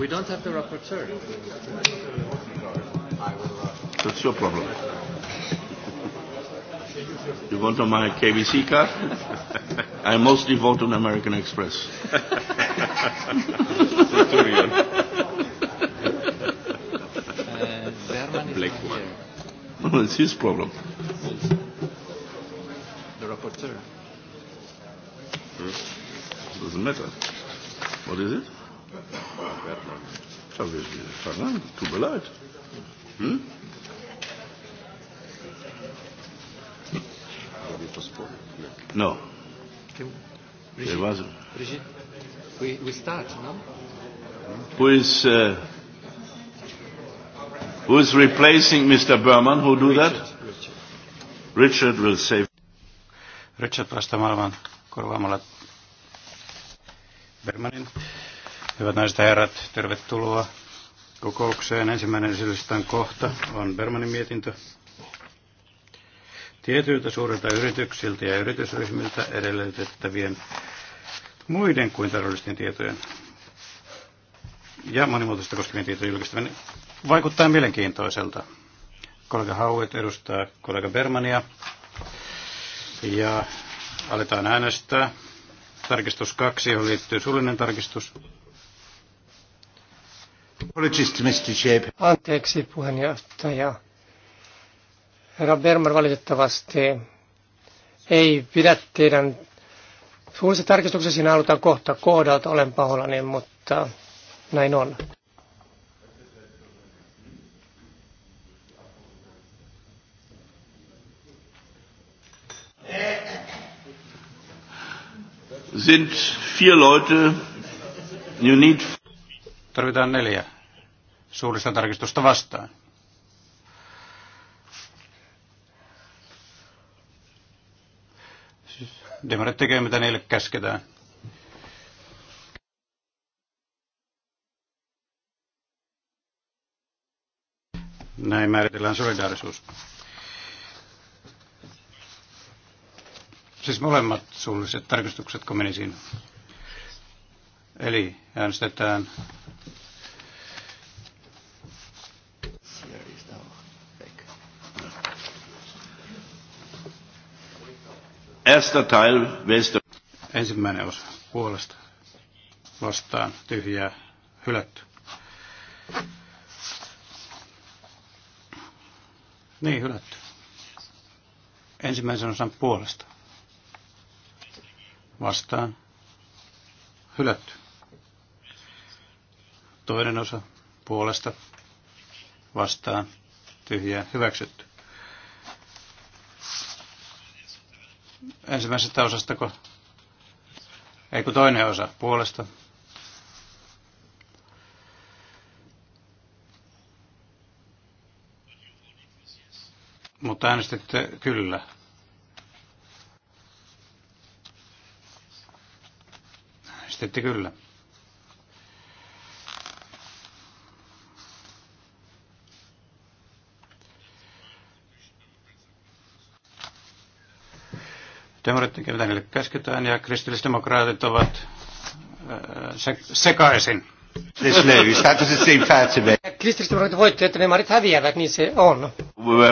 We don't have the rapporteur. That's your problem. You want on my KBC card? I mostly vote on American Express. Black one. No, no, it's his problem. The rapporteur. Hmm? Doesn't matter. What is it? Pardon, Tut mir leid. Hm? No. Brigitte, Brigitte, we, we start, no? Who is, uh, who is replacing Mr. Berman? Who do Richard, that? Richard. Richard will save. Richard vastaamaan maailman korvaamalla Bermanin. Hyvät naiset ja herrat, tervetuloa kokoukseen. Ensimmäinen esilistan kohta on Bermanin mietintö. Tietyiltä suurilta yrityksiltä ja yritysryhmiltä edellytettävien muiden kuin terroristin tietojen ja monimuotoista koskevien tietojen julkistaminen vaikuttaa mielenkiintoiselta. Kollega Hauet edustaa kollega Bermania ja aletaan äänestää. Tarkistus kaksi johon liittyy suullinen tarkistus. Anteeksi puheenjohtaja. Herra Berman valitettavasti ei pidä teidän suurista tarkistuksessa siinä halutaan kohta kohdalta, olen pahoillani, mutta näin on. Sind vier Leute, you need Tarvitaan neljä suurista tarkistusta vastaan. Demarit tekee mitä niille käsketään. Näin määritellään solidaarisuus. Siis molemmat suulliset tarkistukset, kun menisin. Eli äänestetään Erster Teil, Ensimmäinen osa puolesta vastaan tyhjää hylätty. Niin, hylätty. Ensimmäisen osan puolesta. Vastaan. Hylätty. Toinen osa puolesta. Vastaan. tyhjää Hyväksytty. ensimmäisestä kun, ei kun toinen osa puolesta. Mutta äänestitte kyllä. Äänestitte kyllä. Demorit tekevät käsketään ja kristillisdemokraatit ovat äh, sekaisin. Kristillisdemokraatit voitti, että demarit häviävät, niin se on.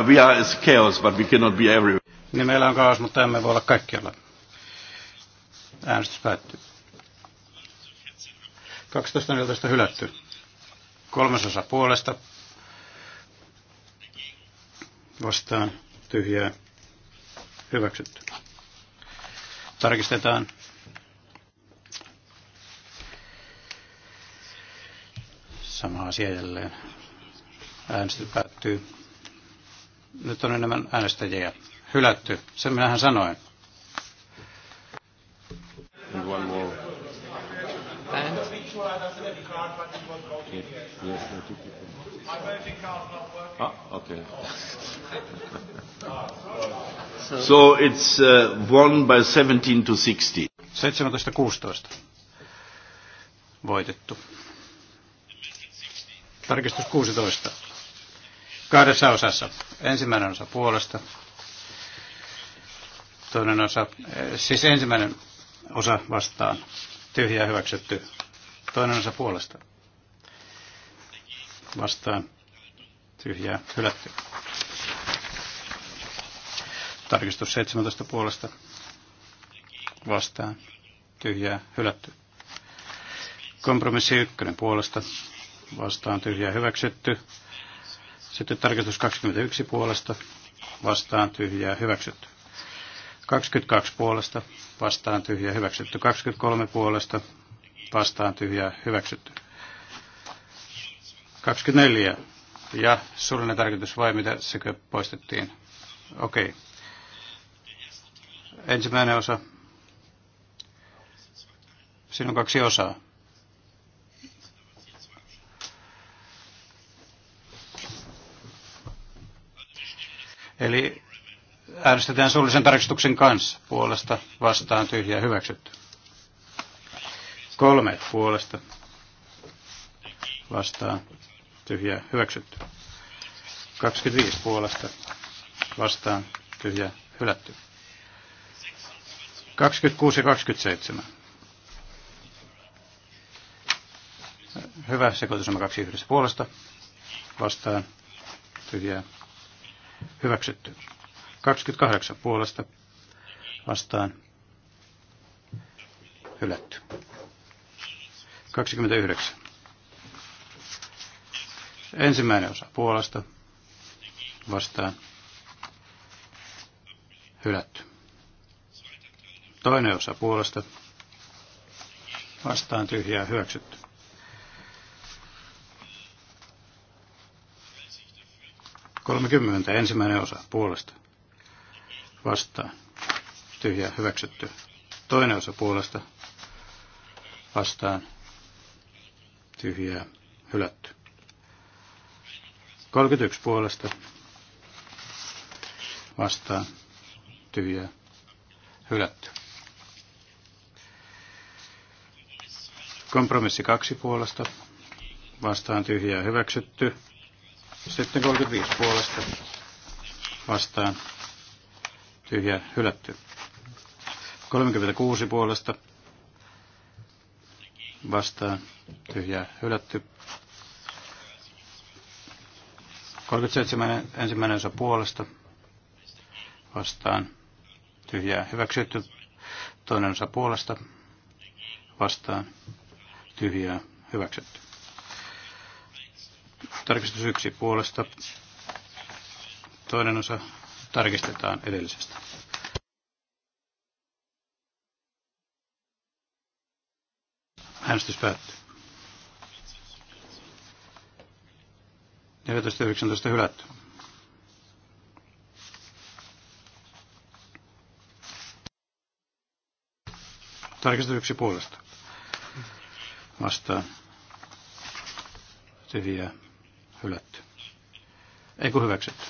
We are is chaos, but we cannot be everywhere. Niin meillä on kaos, mutta emme voi olla kaikkialla. Äänestys päättyy. 12.14 hylätty. Kolmasosa puolesta. Vastaan tyhjää. Hyväksytty. Tarkistetaan. Sama asia jälleen. Äänestys päättyy. Nyt on enemmän äänestäjiä. Hylätty. Sen minähän sanoin. Yes, yes, I took Ah, okay. So, it's uh, won by 17 to 16. 17-16 voitettu. Tarkistus 16. Kahdessa osassa. Ensimmäinen osa puolesta. Toinen osa, eh, siis ensimmäinen osa vastaan. Tyhjä hyväksytty. Toinen osa puolesta. Vastaan. Tyhjää hylätty. Tarkistus 17 puolesta vastaan. Tyhjää hylätty. Kompromissi 1 puolesta vastaan. Tyhjää hyväksytty. Sitten tarkistus 21 puolesta vastaan. Tyhjää hyväksytty. 22 puolesta vastaan tyhjää hyväksytty. 23 puolesta vastaan tyhjää hyväksytty. 24. Ja surullinen tarkoitus vai mitä sekö poistettiin? Okei. Okay. Ensimmäinen osa. Siinä on kaksi osaa. Eli äänestetään suullisen tarkistuksen kanssa. Puolesta vastaan tyhjä hyväksytty. Kolme puolesta vastaan tyhjä hyväksytty. 25 puolesta vastaan tyhjä hylätty. 26 ja 27. Hyvä, sekoitus on kaksi yhdessä puolesta. Vastaan. Tyhjää. Hyväksytty. 28 puolesta. Vastaan. Hylätty. 29. Ensimmäinen osa puolesta. Vastaan. Hylätty. Toinen osa puolesta vastaan tyhjää hyväksytty. Kolmekymmentä ensimmäinen osa puolesta vastaan tyhjää hyväksytty. Toinen osa puolesta vastaan tyhjää hylätty. 31 puolesta vastaan tyhjää hylätty. Kompromissi kaksi puolesta. Vastaan tyhjää hyväksytty. Sitten 35 puolesta. Vastaan tyhjä hylätty. 36 puolesta. Vastaan tyhjä hylätty. 37 ensimmäinen osa puolesta. Vastaan tyhjää hyväksytty. Toinen osa puolesta. Vastaan tyhjää hyväksytty. Tarkistus yksi puolesta. Toinen osa tarkistetaan edellisestä. Äänestys päättyy. 14.19 hylätty. Tarkistus yksi puolesta vastaan tyhjää hylätty. Ei kun hyväksytty.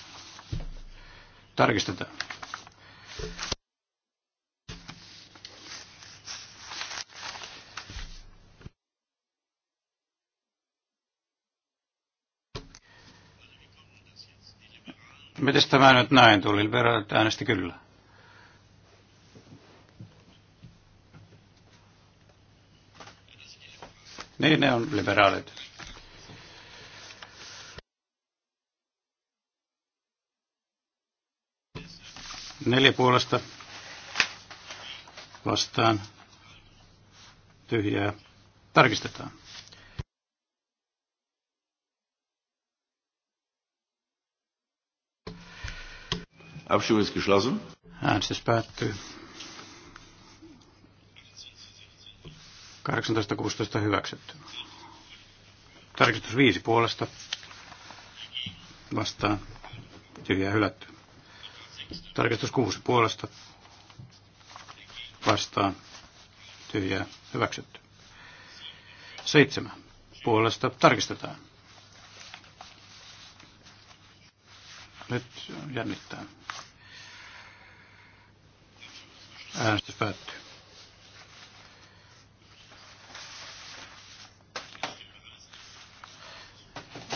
Tarkistetaan. Miten tämä nyt näin tuli? Liberaalit äänesti kyllä. Niin ne on liberaalit. Neljä puolesta vastaan tyhjää. Tarkistetaan. Abstimmung ist geschlossen. Äänestys päättyy. 18.16 hyväksytty. Tarkistus 5 puolesta vastaan tyhjää hylätty. Tarkistus 6 puolesta vastaan tyhjää hyväksytty. 7 puolesta tarkistetaan. Nyt jännittää. Äänestys päättyy.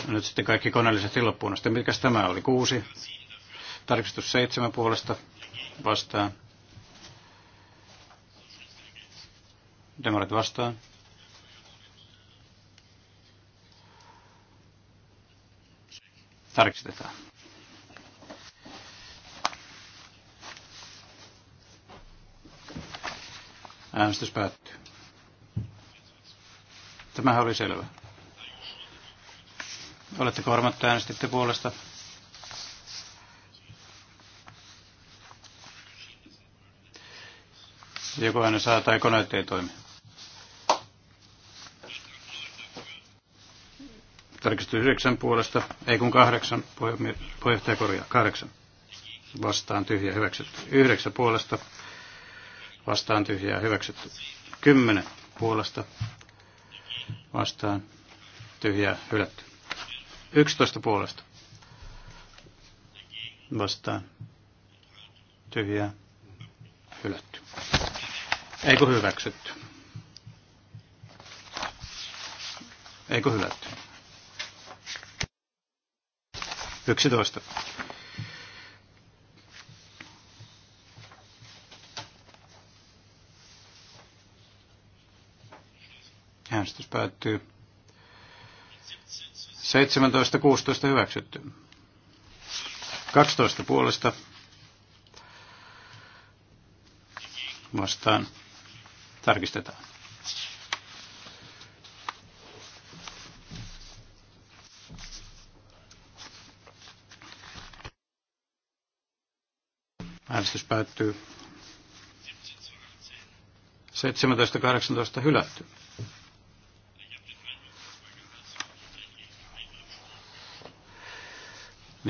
Nyt sitten kaikki koneelliset loppuun asti. Mikäs tämä oli? Kuusi. Tarkistus seitsemän puolesta vastaan. Demarit vastaan. Tarkistetaan. Äänestys päättyy. Tämähän oli selvä. Oletteko varmat, että äänestitte puolesta? Joko aina saa tai koneet ei toimi. Tarkistus yhdeksän puolesta, ei kun kahdeksan, puheenjohtaja korjaa, kahdeksan. Vastaan tyhjä hyväksytty. Yhdeksän puolesta, vastaan tyhjää hyväksytty. Kymmenen puolesta, vastaan tyhjää hylätty. 11 puolesta. Vastaan. Tyhjää. Hylätty. Eikö hyväksytty? Eikö hylätty? 11. Äänestys päättyy. 17.16 hyväksytty. 12 puolesta vastaan tarkistetaan. Äänestys päättyy 17.18 hylätty.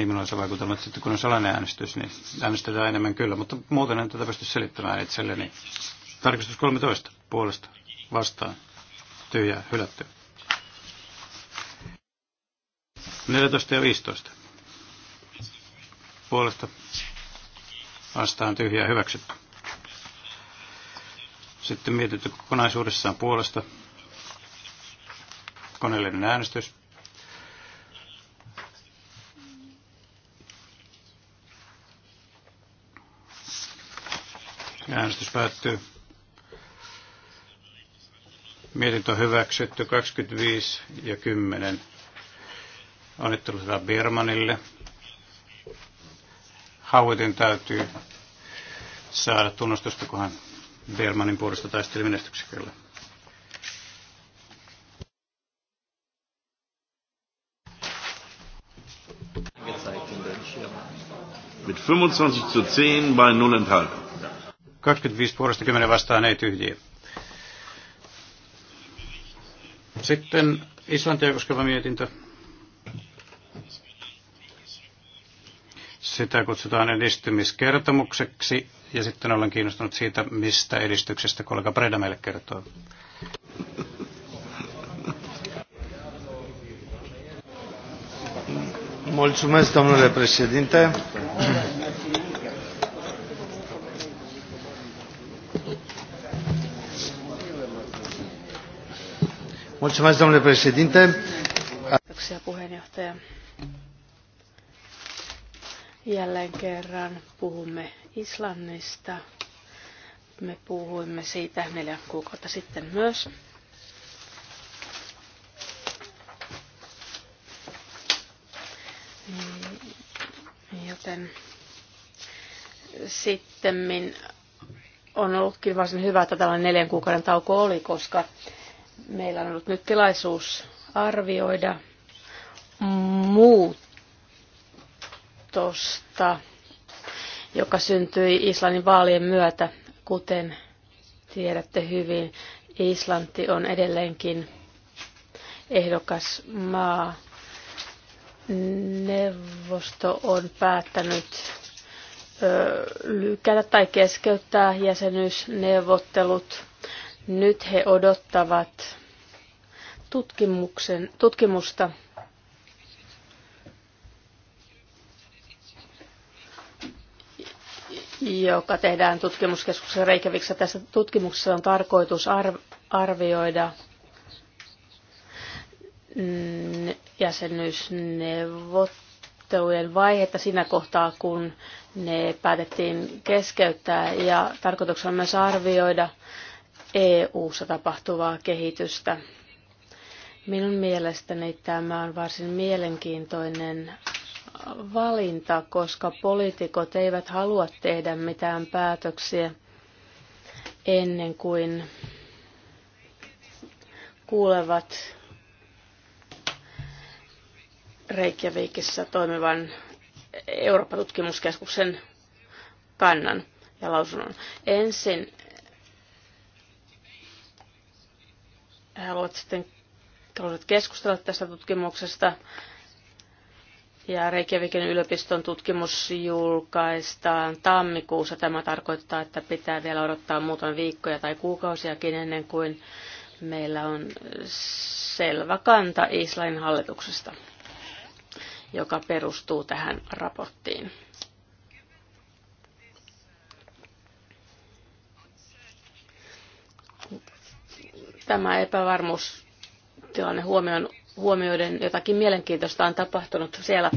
niin minulla se vaikuttaa, mutta sitten kun on salainen äänestys, niin äänestetään enemmän kyllä, mutta muuten en tätä pysty selittämään itselleni. Tarkistus 13 puolesta vastaan. Tyhjää, hylätty. 14 ja 15. Puolesta vastaan tyhjää hyväksytty. Sitten mietitty kokonaisuudessaan puolesta. Koneellinen äänestys. Äänestys päättyy. Mietintö on hyväksytty 25 ja 10. sitä Birmanille. Hauetin täytyy saada tunnustusta, kunhan Birmanin puolesta taisteli menestyksekällä. Mit 25 zu 10 bei 0 enthalten. 25 puolesta 10 vastaan ei tyhjiä. Sitten Islantia koskeva mietintö. Sitä kutsutaan edistymiskertomukseksi ja sitten olen kiinnostunut siitä, mistä edistyksestä kollega Preda meille kertoo. Mulțumesc, domnule președinte. domnule președinte. Kiitoksia puheenjohtaja. Jälleen kerran puhumme Islannista. Me puhuimme siitä neljä kuukautta sitten myös. Joten sitten on ollutkin varsin hyvä, että tällainen neljän kuukauden tauko oli, koska Meillä on ollut nyt tilaisuus arvioida muutosta, joka syntyi Islannin vaalien myötä, kuten tiedätte hyvin. Islanti on edelleenkin ehdokas maa. Neuvosto on päättänyt lykätä tai keskeyttää jäsenyysneuvottelut. Nyt he odottavat tutkimuksen, tutkimusta joka tehdään tutkimuskeskuksessa Reikäviksessä. Tässä tutkimuksessa on tarkoitus arvioida mm, jäsenyysneuvottelujen vaihetta siinä kohtaa, kun ne päätettiin keskeyttää ja tarkoituksena on myös arvioida EU-ssa tapahtuvaa kehitystä. Minun mielestäni tämä on varsin mielenkiintoinen valinta, koska poliitikot eivät halua tehdä mitään päätöksiä ennen kuin kuulevat Reykjavikissa toimivan Euroopan tutkimuskeskuksen kannan ja lausunnon. Ensin he haluavat sitten haluaisit keskustella tästä tutkimuksesta. Ja Reykjavikin yliopiston tutkimus julkaistaan tammikuussa. Tämä tarkoittaa, että pitää vielä odottaa muutaman viikkoja tai kuukausiakin ennen kuin meillä on selvä kanta Islannin hallituksesta, joka perustuu tähän raporttiin. Tämä epävarmuus tilanne huomioon, huomioiden jotakin mielenkiintoista on tapahtunut siellä.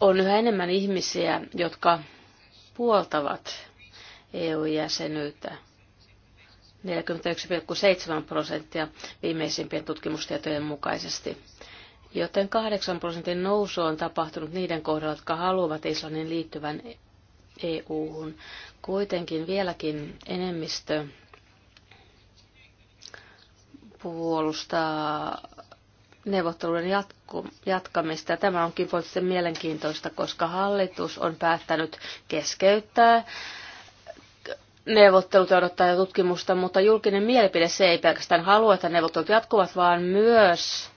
On yhä enemmän ihmisiä, jotka puoltavat EU-jäsenyyttä. 41,7 prosenttia viimeisimpien tutkimustietojen mukaisesti. Joten 8 prosentin nousu on tapahtunut niiden kohdalla, jotka haluavat Islannin liittyvän EU-hun. Kuitenkin vieläkin enemmistö puolustaa neuvotteluiden jatku, jatkamista. Tämä onkin poliittisesti mielenkiintoista, koska hallitus on päättänyt keskeyttää neuvottelut ja odottaa jo tutkimusta, mutta julkinen mielipide se ei pelkästään halua, että neuvottelut jatkuvat, vaan myös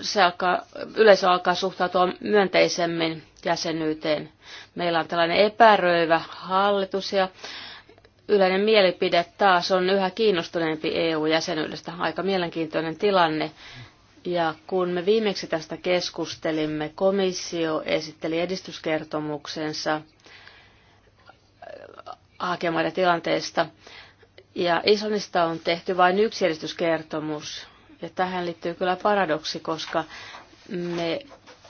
se alkaa, yleisö alkaa suhtautua myönteisemmin jäsenyyteen. Meillä on tällainen epäröivä hallitus ja yleinen mielipide taas on yhä kiinnostuneempi EU-jäsenyydestä. Aika mielenkiintoinen tilanne. Ja kun me viimeksi tästä keskustelimme, komissio esitteli edistyskertomuksensa äh, hakemaiden tilanteesta. Ja Islannista on tehty vain yksi edistyskertomus. Ja tähän liittyy kyllä paradoksi, koska me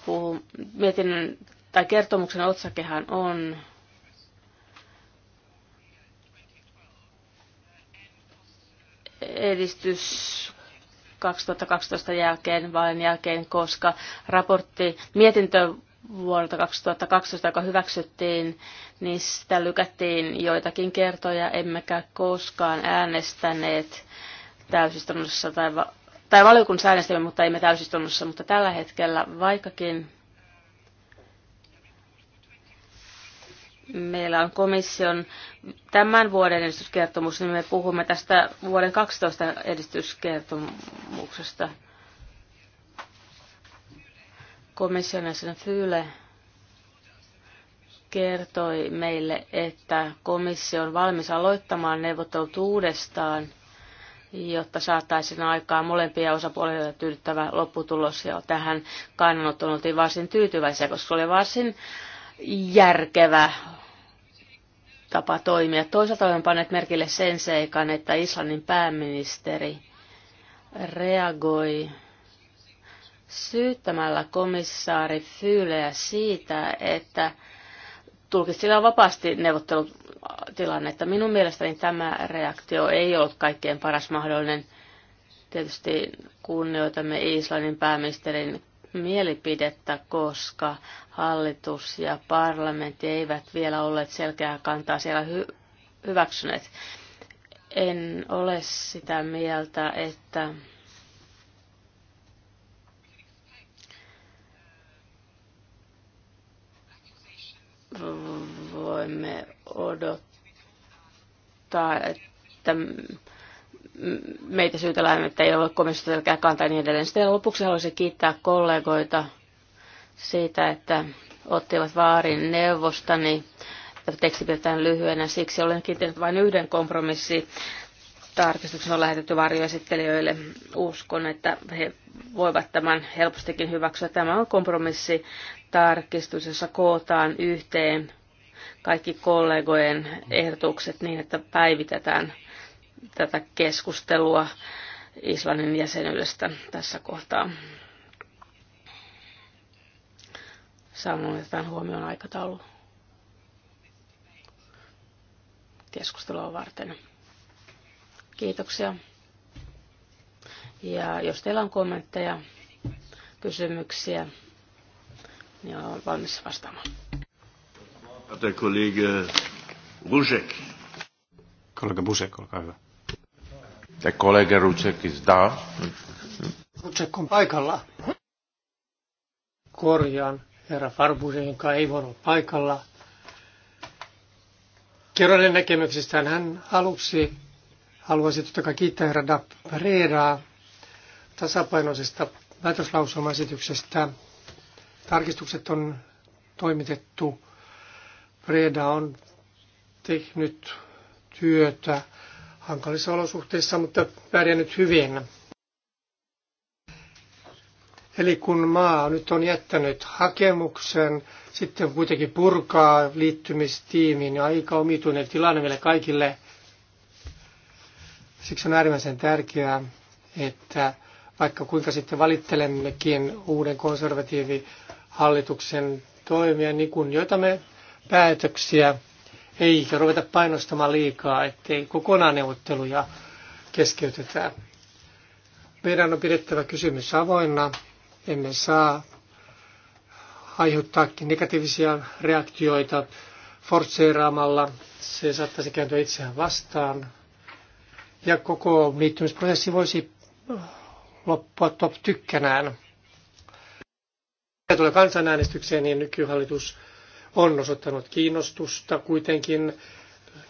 puhumme mietin, tai kertomuksen otsakehan on edistys 2012 jälkeen, vaalien jälkeen, koska raportti, mietintö vuodelta 2012, joka hyväksyttiin, niin sitä lykättiin joitakin kertoja, emmekä koskaan äänestäneet täysistunnossa tai, va- tai valiokunnassa äänestimme, mutta emme täysistunnossa, mutta tällä hetkellä vaikkakin meillä on komission tämän vuoden edistyskertomus, niin me puhumme tästä vuoden 12 edistyskertomuksesta. Komission jäsen Fyle kertoi meille, että komissio on valmis aloittamaan neuvottelut uudestaan, jotta saataisiin aikaa molempia osapuolia tyydyttävä lopputulos. Ja tähän kannanottoon oltiin varsin tyytyväisiä, koska se oli varsin äh, järkevä tapa toimia. Toisaalta olen panneet merkille sen seikan, että Islannin pääministeri reagoi syyttämällä komissaari Fyleä siitä, että tulkitsillaan vapaasti neuvottelutilannetta. Minun mielestäni tämä reaktio ei ollut kaikkein paras mahdollinen. Tietysti kunnioitamme Islannin pääministerin mielipidettä, koska hallitus ja parlamentti eivät vielä olleet selkeää kantaa siellä hy- hyväksyneet. En ole sitä mieltä, että voimme odottaa, että meitä syytellään, että ei ole komissiosta selkeä kantaa ja niin edelleen. Sitten lopuksi haluaisin kiittää kollegoita siitä, että ottivat vaarin neuvostani. Teksti pidetään lyhyenä, siksi olen kiittänyt vain yhden kompromissi tarkistuksen on lähetetty varjoesittelijöille. Uskon, että he voivat tämän helpostikin hyväksyä. Tämä on kompromissi tarkistus, jossa kootaan yhteen kaikki kollegojen ehdotukset niin, että päivitetään tätä keskustelua Islannin jäsenyydestä tässä kohtaa. Samoin otetaan huomioon aikataulu keskustelua varten. Kiitoksia. Ja jos teillä on kommentteja, kysymyksiä, niin olen valmis vastaamaan. Kollega Busek. Kollega Busek, olkaa hyvä. Ja kollega Rucek is da. Rucek on paikalla. Korjaan herra Farbuse, joka ei voi olla paikalla. Kerroin näkemyksistään. Hän aluksi haluaisi totta kai kiittää herra Dabreeraa tasapainoisesta päätöslausumaesityksestä. Tarkistukset on toimitettu. Preda on tehnyt työtä hankalissa olosuhteissa, mutta pärjännyt hyvin. Eli kun maa nyt on jättänyt hakemuksen, sitten kuitenkin purkaa liittymistiimiin, aika omituinen tilanne meille kaikille. Siksi on äärimmäisen tärkeää, että vaikka kuinka sitten valittelemmekin uuden konservatiivihallituksen toimia, niin kunnioitamme päätöksiä, eikä ruveta painostamaan liikaa, ettei kokonaan neuvotteluja keskeytetä. Meidän on pidettävä kysymys avoinna. Emme saa aiheuttaa negatiivisia reaktioita forceeraamalla. Se saattaisi kääntyä itseään vastaan. Ja koko liittymisprosessi voisi loppua top tykkänään. Mitä tulee kansanäänestykseen, niin nykyhallitus on osoittanut kiinnostusta kuitenkin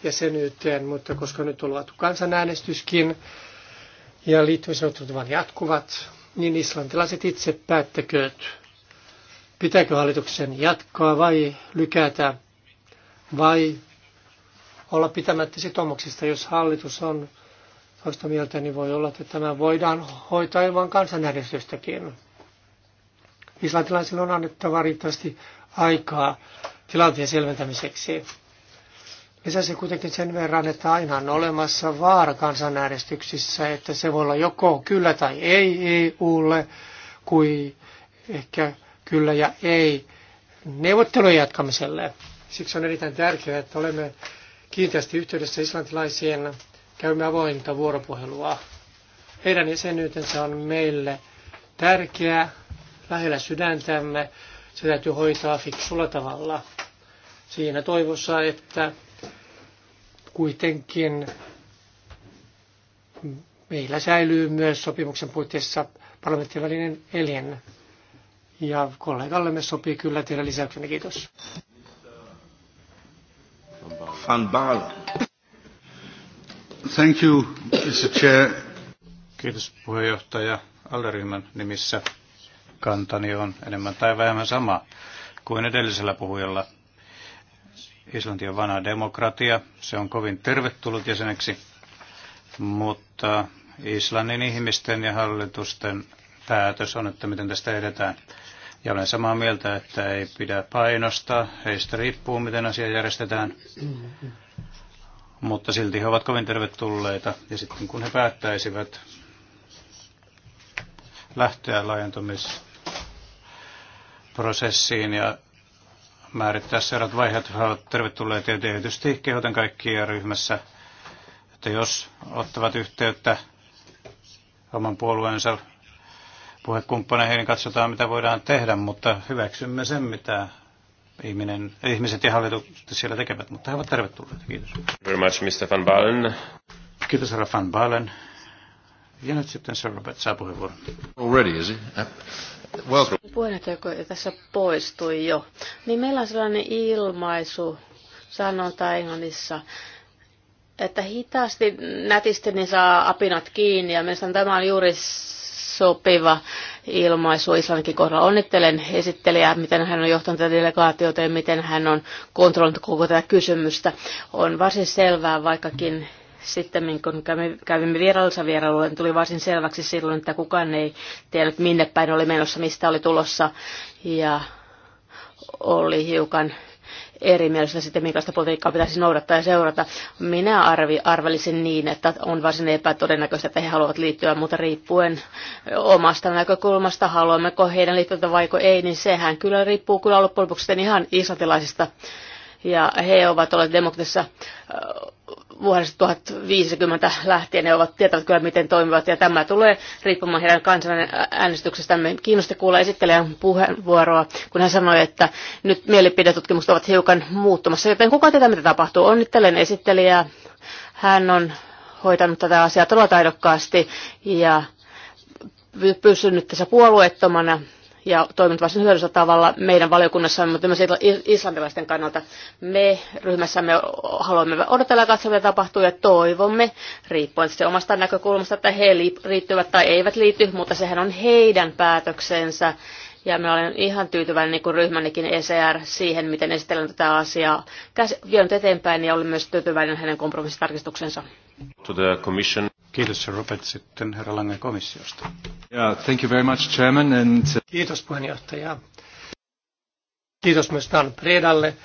jäsenyyteen, mutta koska nyt on luotu kansanäänestyskin ja liittymisneuvottelut vain jatkuvat, niin islantilaiset itse päättäkööt, pitääkö hallituksen jatkaa vai lykätä vai olla pitämättä sitoumuksista, jos hallitus on toista mieltä, niin voi olla, että tämä voidaan hoitaa ilman kansanäänestystäkin. Islantilaisille on annettava riittävästi aikaa tilanteen selventämiseksi. Lisäsi kuitenkin sen verran, että aina on olemassa vaara kansanäänestyksissä, että se voi olla joko kyllä tai ei EUlle, kuin ehkä kyllä ja ei neuvottelujen jatkamiselle. Siksi on erittäin tärkeää, että olemme kiinteästi yhteydessä islantilaisiin, käymme avointa vuoropuhelua. Heidän jäsenyytensä on meille tärkeä, lähellä sydäntämme se täytyy hoitaa fiksulla tavalla. Siinä toivossa, että kuitenkin meillä säilyy myös sopimuksen puitteissa parlamentin välinen elin. Ja kollegallemme sopii kyllä teidän lisäyksenne. Kiitos. Van Baalen. Thank you, Mr. Chair. Kiitos puheenjohtaja Alleryhmän nimissä kantani on enemmän tai vähemmän sama kuin edellisellä puhujalla. Islanti on vanha demokratia, se on kovin tervetullut jäseneksi, mutta Islannin ihmisten ja hallitusten päätös on, että miten tästä edetään. Ja olen samaa mieltä, että ei pidä painostaa, heistä riippuu, miten asia järjestetään. Mutta silti he ovat kovin tervetulleita. Ja sitten kun he päättäisivät lähteä laajentumis prosessiin ja määrittää seuraavat vaiheet ovat tervetulleet ja tietysti kehotan kaikkia ryhmässä, että jos ottavat yhteyttä oman puolueensa puhekumppaneihin, niin katsotaan mitä voidaan tehdä, mutta hyväksymme sen, mitä ihminen, ihmiset ja hallitukset siellä tekevät, mutta he ovat tervetulleet. Kiitos. Very much, Mr. Van Balen. Kiitos, herra Van Balen. Ja nyt sitten Sir Robert saa puheenvuoron. Already, is uh, Puheenjohtaja, joka tässä poistui jo. Niin meillä on sellainen ilmaisu, sanotaan englannissa, että hitaasti, nätisti, niin saa apinat kiinni. Ja mielestäni tämä on juuri sopiva ilmaisu Islannikin kohdalla. Onnittelen esittelijää, miten hän on johtanut tätä delegaatiota ja miten hän on kontrolloinut koko tätä kysymystä. On varsin selvää, vaikkakin sitten kun kävimme vierailussa vierailulla, niin tuli varsin selväksi silloin, että kukaan ei tiennyt minne päin oli menossa, mistä oli tulossa. Ja oli hiukan mielestä sitten, minkälaista politiikkaa pitäisi noudattaa ja seurata. Minä arvi, arvelisin niin, että on varsin epätodennäköistä, että he haluavat liittyä, mutta riippuen omasta näkökulmasta, haluammeko heidän liittyä vai ei, niin sehän kyllä riippuu kyllä loppujen lopuksi ihan islantilaisista. Ja he ovat olleet demokratissa vuodesta 1050 lähtien ne ovat tietävät kyllä, miten toimivat, ja tämä tulee riippumaan heidän Me Kiinnosti kuulla esittelijän puheenvuoroa, kun hän sanoi, että nyt mielipidetutkimukset ovat hiukan muuttumassa, joten kuka tietää, mitä tapahtuu. Onnittelen esittelijää. Hän on hoitanut tätä asiaa todella taidokkaasti ja pysynyt tässä puolueettomana ja toiminut varsin hyödyllisellä tavalla meidän valiokunnassamme, mutta myös islantilaisten kannalta. Me ryhmässämme haluamme odotella ja katsoa, mitä tapahtuu, ja toivomme, riippuen se omasta näkökulmasta, että he liittyvät tai eivät liity, mutta sehän on heidän päätöksensä. Ja me olen ihan tyytyväinen, niin kuin ryhmänikin ECR, siihen, miten esitellään tätä asiaa. Käs, vienyt eteenpäin ja olen myös tyytyväinen hänen kompromissitarkistuksensa. To the commission. Kiitos, Sir Robert. Sitten herra Lange komissiosta. Yeah, thank you very much, Chairman. And... Uh, Kiitos puheenjohtaja. Kiitos myös Dan Predalle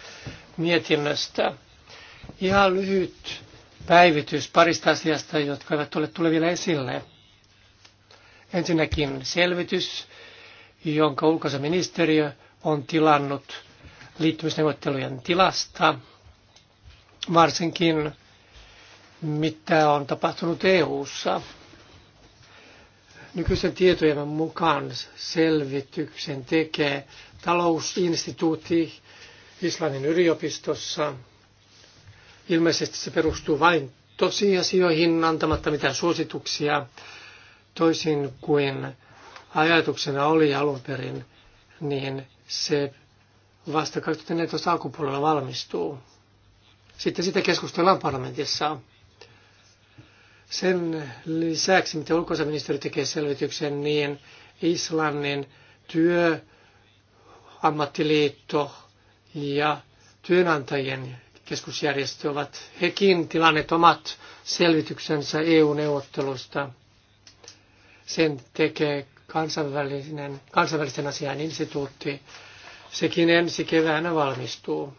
mietinnöstä. Ihan lyhyt päivitys parista asiasta, jotka eivät ole tule vielä esille. Ensinnäkin selvitys, jonka ulkoasiaministeriö on tilannut liittymisneuvottelujen tilasta, varsinkin mitä on tapahtunut EU-ssa. Nykyisen tietojen mukaan selvityksen tekee talousinstituutti Islannin yliopistossa. Ilmeisesti se perustuu vain tosiasioihin antamatta mitään suosituksia, toisin kuin ajatuksena oli alun perin, niin se vasta 2014 alkupuolella valmistuu. Sitten sitä keskustellaan parlamentissa. Sen lisäksi, mitä ulkoasiaministeri tekee selvityksen, niin Islannin työ, ammattiliitto ja työnantajien keskusjärjestö ovat hekin tilanneet omat selvityksensä EU-neuvottelusta. Sen tekee kansainvälinen, kansainvälisten asian instituutti. Sekin ensi keväänä valmistuu.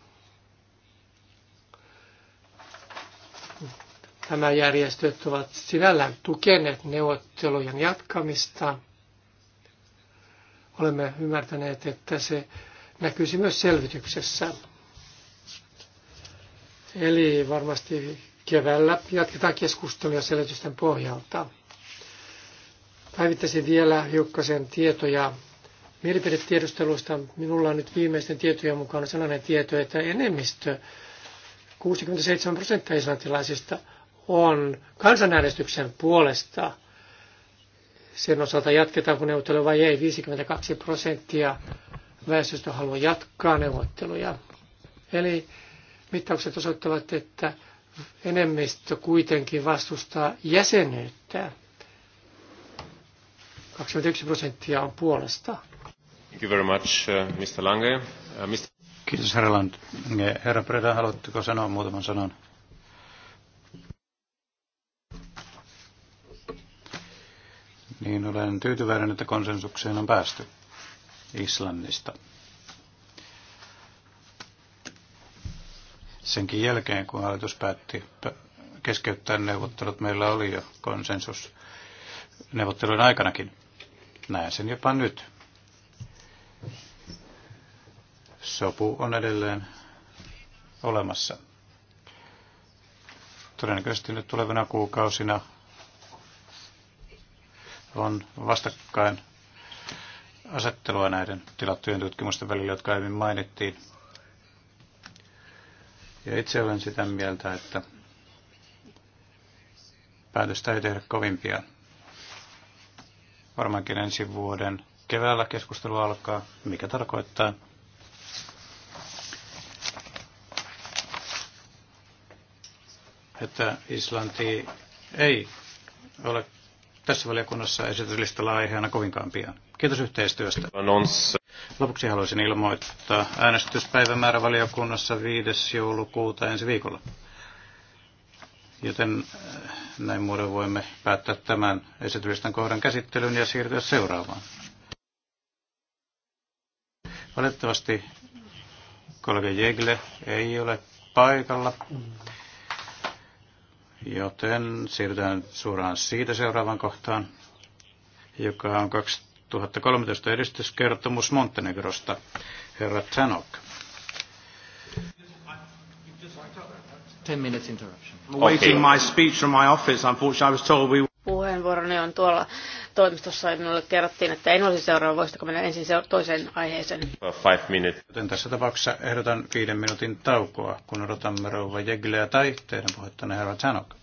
Nämä järjestöt ovat sinällään tukeneet neuvottelujen jatkamista. Olemme ymmärtäneet, että se näkyisi myös selvityksessä. Eli varmasti keväällä jatketaan keskustelua selitysten pohjalta. Päivittäisin vielä hiukkasen tietoja mielipidetiedustelusta. Minulla on nyt viimeisten tietojen mukaan sellainen tieto, että enemmistö, 67 prosenttia islantilaisista, on kansanäänestyksen puolesta. Sen osalta jatketaanko neuvotteluja vai ei. 52 prosenttia väestöstä haluaa jatkaa neuvotteluja. Eli mittaukset osoittavat, että enemmistö kuitenkin vastustaa jäsenyyttä. 21 prosenttia on puolesta. Thank you very much, uh, Mr. Lange. Uh, Mr. Kiitos, herra Lange. Herra Preda, haluatteko sanoa muutaman sanan? niin olen tyytyväinen, että konsensukseen on päästy Islannista. Senkin jälkeen, kun hallitus päätti keskeyttää neuvottelut, meillä oli jo konsensus neuvottelujen aikanakin. Näen sen jopa nyt. Sopu on edelleen olemassa. Todennäköisesti nyt tulevina kuukausina on vastakkain asettelua näiden tilattujen tutkimusten välillä, jotka aiemmin mainittiin. Ja itse olen sitä mieltä, että päätöstä ei tehdä kovin pian. Varmaankin ensi vuoden keväällä keskustelu alkaa, mikä tarkoittaa, että Islanti ei ole tässä valiokunnassa esityslistalla aiheena kovinkaan pian. Kiitos yhteistyöstä. Lopuksi haluaisin ilmoittaa äänestyspäivämäärä valiokunnassa 5. joulukuuta ensi viikolla. Joten äh, näin muodon voimme päättää tämän esityslistan kohdan käsittelyn ja siirtyä seuraavaan. Valitettavasti kollega Jegle ei ole paikalla. Joten siirrytään suoraan siitä seuraavaan kohtaan, joka on 2013 edistyskertomus Montenegrosta, herra Tanok. Ten minutes interruption. Okay. Waiting my speech from my office, unfortunately I was told we puheenvuoroni on tuolla toimistossa, ja niin minulle kerrottiin, että en olisi seuraava, voisitko mennä ensin toiseen aiheeseen. Uh, five minutes. Joten tässä tapauksessa ehdotan viiden minuutin taukoa, kun odotamme rouva Jegleä tai teidän puhettanne herra Chanok.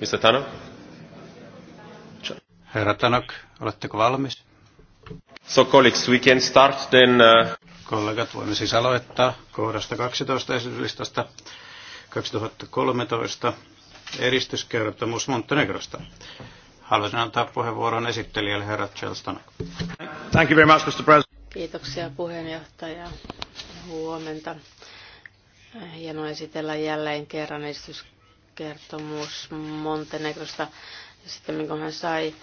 Mr. Tanok? Herra Tanok, oletteko valmis? So colleagues, we can start then... Uh... Kollegat, voimme siis aloittaa kohdasta 12 esityslistasta 2013 eristyskertomus Montenegrosta. Haluaisin antaa puheenvuoron esittelijälle herra Charles Tanok. Thank you very much, Mr. President. Kiitoksia puheenjohtaja. Huomenta. Hienoa esitellä jälleen kerran esitys kertomus Montenegrosta ja sitten minkä hän sai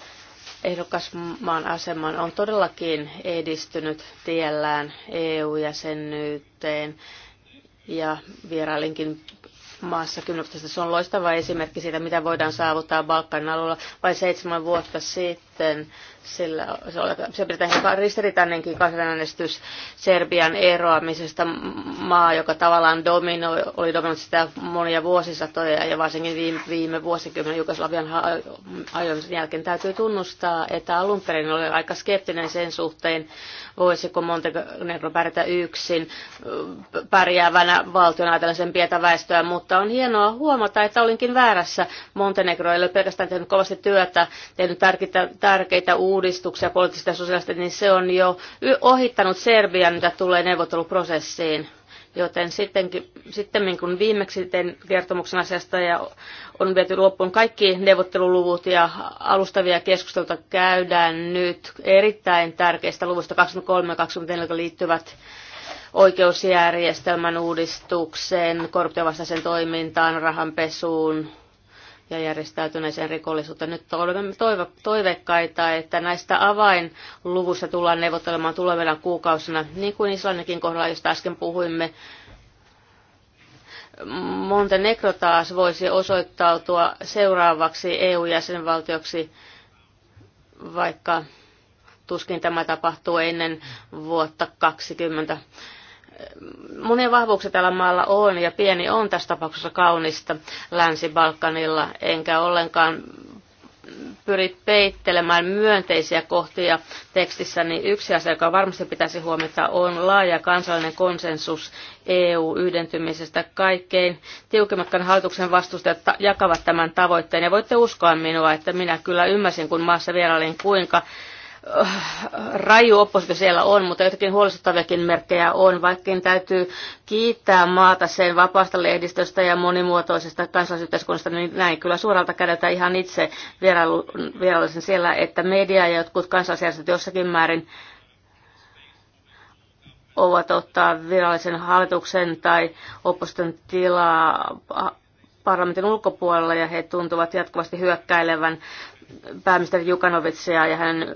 ehdokasmaan aseman, on todellakin edistynyt tiellään EU-jäsenyyteen ja vierailinkin maassa kymmenyksestä. Se on loistava esimerkki siitä, mitä voidaan saavuttaa Balkanin alueella. Vai seitsemän vuotta sitten sitten sillä, se pitää tehdä ristiriitainenkin kansanäänestys Serbian eroamisesta maa, joka tavallaan dominoi, oli dominoinut sitä monia vuosisatoja ja varsinkin viime, viime vuosikymmenen Jugoslavian ajoimisen jälkeen täytyy tunnustaa, että alun perin oli aika skeptinen sen suhteen, voisiko Montenegro pärjätä yksin pärjäävänä valtion ajatellen sen pientä väestöä, mutta on hienoa huomata, että olinkin väärässä. Montenegro ei ole pelkästään tehnyt kovasti työtä, tehnyt tärkeitä tärkeitä uudistuksia poliittisesti ja sosiaalisesti, niin se on jo ohittanut Serbian, mitä tulee neuvotteluprosessiin. Joten sittenkin, sitten kun viimeksi tein kertomuksen asiasta ja on viety loppuun kaikki neuvotteluluvut ja alustavia keskusteluita käydään nyt erittäin tärkeistä luvusta 23 ja 24, jotka liittyvät oikeusjärjestelmän uudistukseen, korruptiovastaisen toimintaan, rahanpesuun, ja järjestäytyneeseen rikollisuuteen. Nyt olemme toive, toiveikkaita, että näistä avainluvuista tullaan neuvottelemaan tulevina kuukausina, niin kuin Islannikin kohdalla, josta äsken puhuimme. Montenegro taas voisi osoittautua seuraavaksi EU-jäsenvaltioksi, vaikka tuskin tämä tapahtuu ennen vuotta 2020 monia vahvuuksia tällä maalla on ja pieni on tässä tapauksessa kaunista Länsi-Balkanilla, enkä ollenkaan pyrit peittelemään myönteisiä kohtia tekstissä, niin yksi asia, joka varmasti pitäisi huomata, on laaja kansallinen konsensus EU-yhdentymisestä. Kaikkein tiukimmatkan hallituksen vastustajat jakavat tämän tavoitteen. Ja voitte uskoa minua, että minä kyllä ymmärsin, kun maassa vierailin, kuinka Äh, raju oppositio siellä on, mutta jotenkin huolestuttaviakin merkkejä on, vaikkakin täytyy kiittää maata sen vapaasta lehdistöstä ja monimuotoisesta kansalaisyhteiskunnasta, niin näin kyllä suoralta kädeltä ihan itse vierailisin siellä, että media ja jotkut kansalaisjärjestöt jossakin määrin ovat ottaa virallisen hallituksen tai opposition tilaa parlamentin ulkopuolella ja he tuntuvat jatkuvasti hyökkäilevän pääministeri Jukanovitsia ja hänen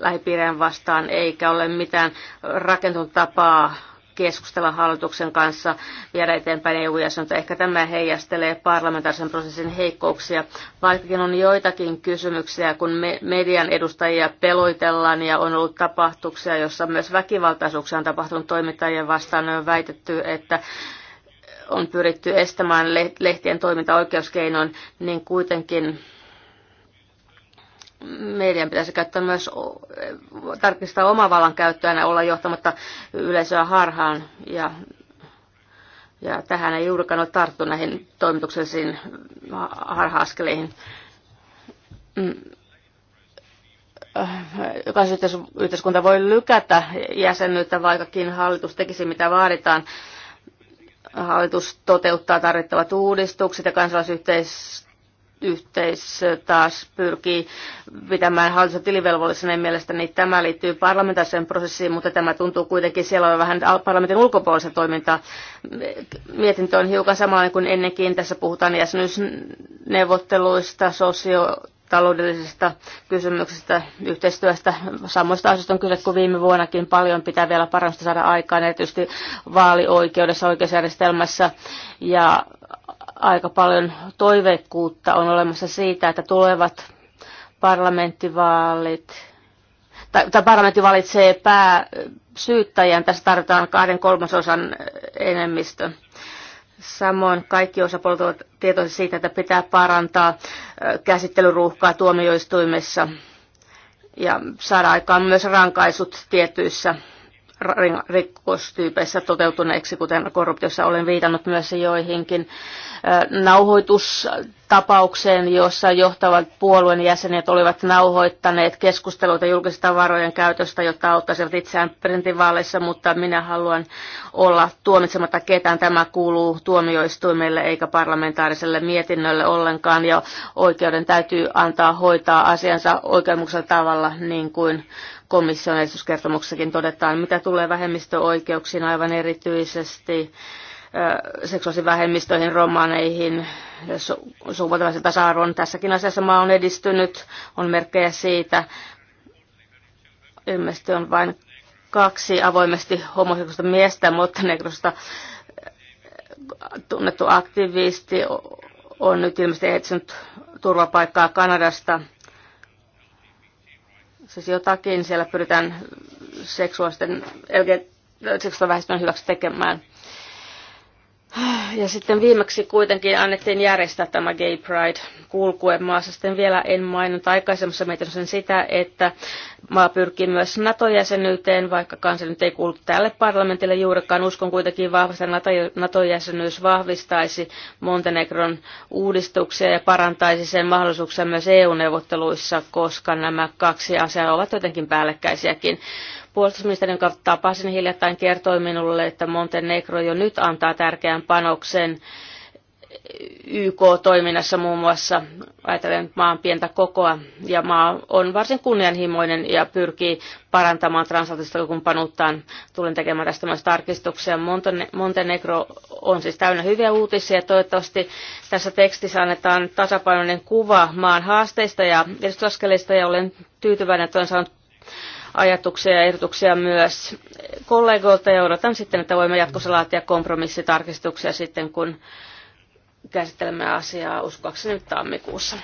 lähipiirien vastaan, eikä ole mitään rakentunut tapaa keskustella hallituksen kanssa, viedä eteenpäin eu jäsenyyttä. Ehkä tämä heijastelee parlamentaarisen prosessin heikkouksia, vaikkakin on joitakin kysymyksiä, kun me, median edustajia peloitellaan ja on ollut tapahtuksia, jossa myös väkivaltaisuuksia on tapahtunut toimittajien vastaan. On väitetty, että on pyritty estämään lehtien toiminta oikeuskeinoin, niin kuitenkin meidän pitäisi käyttää myös, tarkistaa oma vallan käyttöä ja olla johtamatta yleisöä harhaan. Ja, ja tähän ei juurikaan ole tarttu näihin toimituksellisiin harha-askeleihin. Mm. Kansallisyhteiskunta voi lykätä jäsenyyttä, vaikkakin hallitus tekisi mitä vaaditaan. Hallitus toteuttaa tarvittavat uudistukset ja kansalaisyhteiskunta yhteis taas pyrkii pitämään hallinsa tilivelvollisena, niin mielestäni tämä liittyy parlamentaariseen prosessiin, mutta tämä tuntuu kuitenkin siellä on vähän parlamentin ulkopuolista toimintaa. Mietintö on hiukan samanlainen kuin ennenkin. Tässä puhutaan jäsenyysneuvotteluista, sosio taloudellisista kysymyksistä, yhteistyöstä. Samoista asioista on kyllä kuin viime vuonnakin. Paljon pitää vielä parannusta saada aikaan, erityisesti vaalioikeudessa, oikeusjärjestelmässä ja aika paljon toiveikkuutta on olemassa siitä, että tulevat parlamenttivaalit, tai, tai parlamentti valitsee pääsyyttäjän, tässä tarvitaan kahden kolmasosan enemmistö. Samoin kaikki osapuolet ovat tietoisia siitä, että pitää parantaa käsittelyruuhkaa tuomioistuimessa ja saada aikaan myös rankaisut tietyissä rikkostyypeissä toteutuneeksi, kuten korruptiossa olen viitannut myös joihinkin nauhoitustapaukseen, jossa johtavat puolueen jäsenet olivat nauhoittaneet keskusteluita julkisista varojen käytöstä, jotta auttaisivat itseään presidentinvaaleissa, mutta minä haluan olla tuomitsematta ketään. Tämä kuuluu tuomioistuimelle eikä parlamentaariselle mietinnölle ollenkaan, ja oikeuden täytyy antaa hoitaa asiansa oikeudenmukaisella tavalla, niin kuin komission esityskertomuksessakin todetaan, mitä tulee vähemmistöoikeuksiin aivan erityisesti seksuaalisiin vähemmistöihin, romaneihin, sukupuolten tasa-arvon. Tässäkin asiassa maa on edistynyt, on merkkejä siitä. Ilmeisesti on vain kaksi avoimesti homoseksuaalista miestä mutta negrosta tunnettu aktivisti on nyt ilmeisesti etsinyt turvapaikkaa Kanadasta – siis jotakin siellä pyritään seksuaalisten, seksuaalista vähestön hyväksi tekemään – ja sitten viimeksi kuitenkin annettiin järjestää tämä Gay Pride kulkue maassa. Sitten vielä en maininnut aikaisemmassa mietinnössä sitä, että maa pyrkii myös NATO-jäsenyyteen, vaikka kansa nyt ei kuulu tälle parlamentille juurikaan. Uskon kuitenkin vahvasti, että NATO-jäsenyys vahvistaisi Montenegron uudistuksia ja parantaisi sen mahdollisuuksia myös EU-neuvotteluissa, koska nämä kaksi asiaa ovat jotenkin päällekkäisiäkin. Puolustusministeriön kautta tapasin hiljattain, kertoi minulle, että Montenegro jo nyt antaa tärkeän panoksen YK-toiminnassa muun muassa, ajatellen maan pientä kokoa, ja maa on varsin kunnianhimoinen ja pyrkii parantamaan transatlanttista kumppanuuttaan. Tulen tekemään tästä myös tarkistuksia. Montenegro on siis täynnä hyviä uutisia. Toivottavasti tässä tekstissä annetaan tasapainoinen kuva maan haasteista ja edistysaskeleista, ja olen tyytyväinen, että olen saanut ajatuksia ja ehdotuksia myös kollegoilta ja odotan sitten, että voimme jatkossa laatia kompromissitarkistuksia sitten, kun käsittelemme asiaa uskoakseni nyt tammikuussa.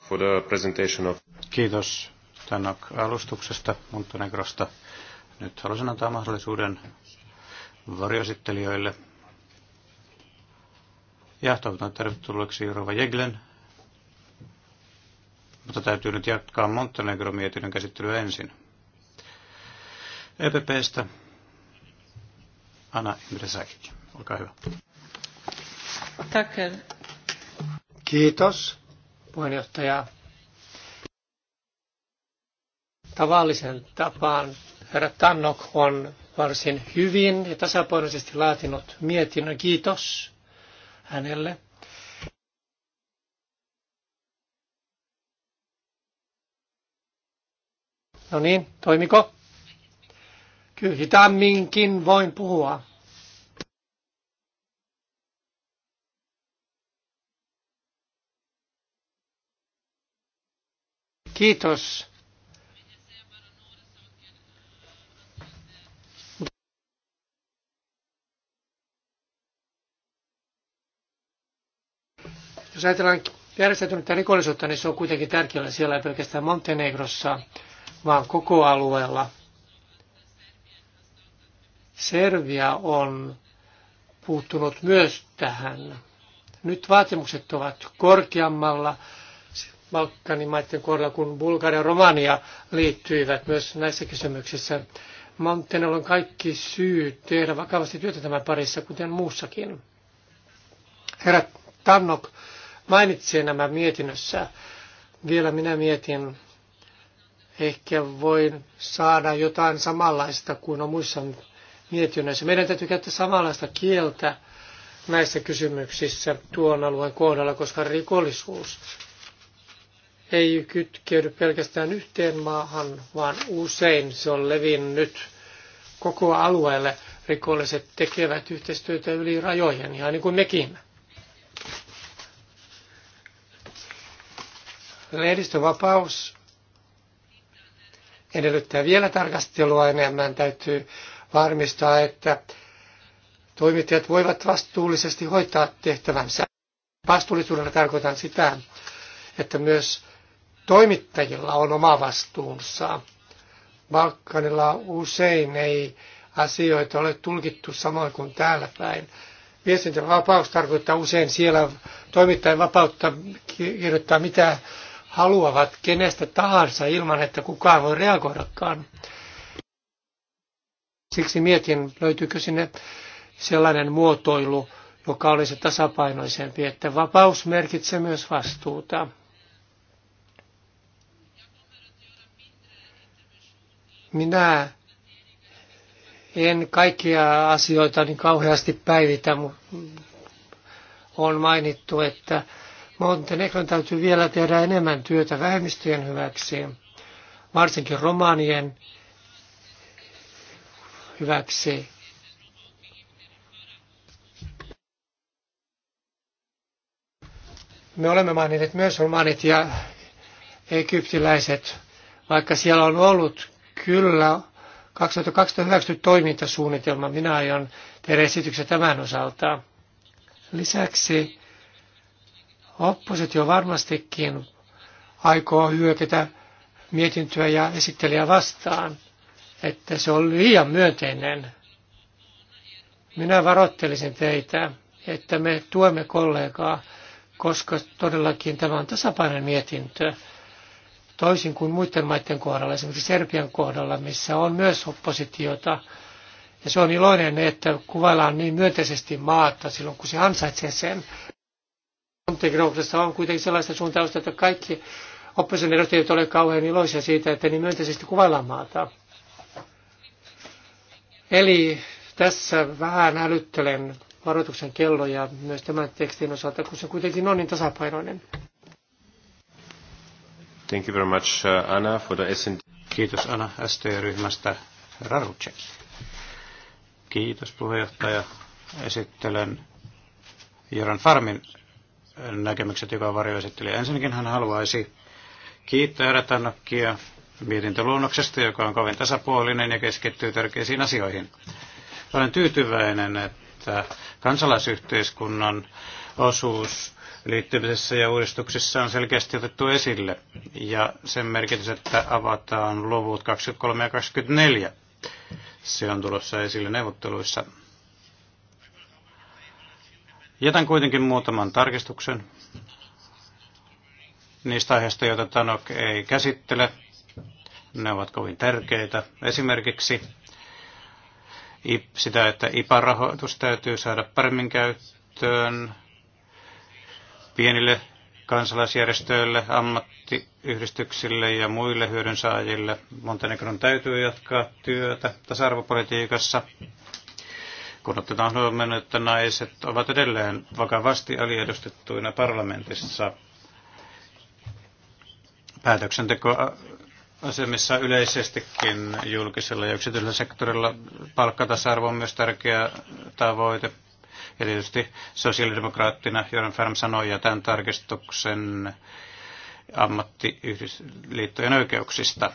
For the presentation of... Kiitos Tanok alustuksesta Montenegrosta. Nyt haluaisin antaa mahdollisuuden varjoesittelijöille. Ja toivotan tervetulleeksi Jurova Jeglen. Mutta täytyy nyt jatkaa Montenegro-mietinnön käsittelyä ensin. EPPstä Anna Imresäkic. Olkaa hyvä. Tacker. Kiitos, puheenjohtaja. Tavallisen tapaan herra Tannok on varsin hyvin ja tasapainoisesti laatinut mietinnön. Kiitos hänelle. No niin, toimiko? Kyllä minkin voin puhua. Kiitos. Jos ajatellaan järjestäytynyttä rikollisuutta, niin se on kuitenkin tärkeää siellä ei pelkästään Montenegrossa, vaan koko alueella – Serbia on puuttunut myös tähän. Nyt vaatimukset ovat korkeammalla Balkanin maiden kohdalla, kun Bulgaria ja Romania liittyivät myös näissä kysymyksissä. Montenegro on kaikki syy tehdä vakavasti työtä tämän parissa, kuten muussakin. Herra Tannok mainitsi nämä mietinnössä. Vielä minä mietin, ehkä voin saada jotain samanlaista kuin on muissa näissä, Meidän täytyy käyttää samanlaista kieltä näissä kysymyksissä tuon alueen kohdalla, koska rikollisuus ei kytkeydy pelkästään yhteen maahan, vaan usein se on levinnyt koko alueelle. Rikolliset tekevät yhteistyötä yli rajojen, ihan niin kuin mekin. Lehdistövapaus edellyttää vielä tarkastelua enemmän. Täytyy varmistaa, että toimittajat voivat vastuullisesti hoitaa tehtävänsä. Vastuullisuudella tarkoitan sitä, että myös toimittajilla on oma vastuunsa. Balkanilla usein ei asioita ole tulkittu samoin kuin täällä päin. Viestintävapaus tarkoittaa usein siellä toimittajan vapautta kirjoittaa mitä haluavat kenestä tahansa ilman, että kukaan voi reagoidakaan. Siksi mietin, löytyykö sinne sellainen muotoilu, joka olisi tasapainoisempi, että vapaus merkitsee myös vastuuta. Minä en kaikkia asioita niin kauheasti päivitä, mutta on mainittu, että Montenegron täytyy vielä tehdä enemmän työtä vähemmistöjen hyväksi, varsinkin romanien hyväksi. Me olemme maininneet myös romanit ja egyptiläiset, vaikka siellä on ollut kyllä 2012 hyväksytty toimintasuunnitelma. Minä aion tehdä esityksen tämän osalta. Lisäksi oppositio varmastikin aikoo hyökätä mietintöä ja esittelijä vastaan – että se on liian myönteinen. Minä varoittelisin teitä, että me tuemme kollegaa, koska todellakin tämä on tasapainoinen mietintö. Toisin kuin muiden maiden kohdalla, esimerkiksi Serbian kohdalla, missä on myös oppositiota. Ja se on iloinen, että kuvaillaan niin myönteisesti maata silloin, kun se ansaitsee sen. Montegrouksessa on kuitenkin sellaista suuntausta, että kaikki opposition edustajat ole kauhean iloisia siitä, että niin myönteisesti kuvaillaan maata. Eli tässä vähän älyttelen varoituksen kelloja myös tämän tekstin osalta, kun se kuitenkin on niin tasapainoinen. Thank you very much, uh, Anna, for the SN... Kiitos Anna ST-ryhmästä. Rarucek. Kiitos puheenjohtaja. Esittelen Joran Farmin näkemykset, joka varjoesitteli. Ensinnäkin hän haluaisi kiittää Ratanokkia mietintöluonnoksesta, joka on kovin tasapuolinen ja keskittyy tärkeisiin asioihin. Olen tyytyväinen, että kansalaisyhteiskunnan osuus liittymisessä ja uudistuksissa on selkeästi otettu esille, ja sen merkitys, että avataan luvut 23 ja 24. Se on tulossa esille neuvotteluissa. Jätän kuitenkin muutaman tarkistuksen niistä aiheista, joita Tanok ei käsittele ne ovat kovin tärkeitä. Esimerkiksi sitä, että IPA-rahoitus täytyy saada paremmin käyttöön pienille kansalaisjärjestöille, ammattiyhdistyksille ja muille hyödynsaajille. Montenegron täytyy jatkaa työtä tasa-arvopolitiikassa, kun otetaan huomioon, että naiset ovat edelleen vakavasti aliedustettuina parlamentissa. Päätöksenteko asemissa yleisestikin julkisella ja yksityisellä sektorilla. Palkkatasa-arvo on myös tärkeä tavoite. Ja tietysti sosiaalidemokraattina Jörn Färm sanoi, ja tämän tarkistuksen ammattiyhdysliittojen oikeuksista.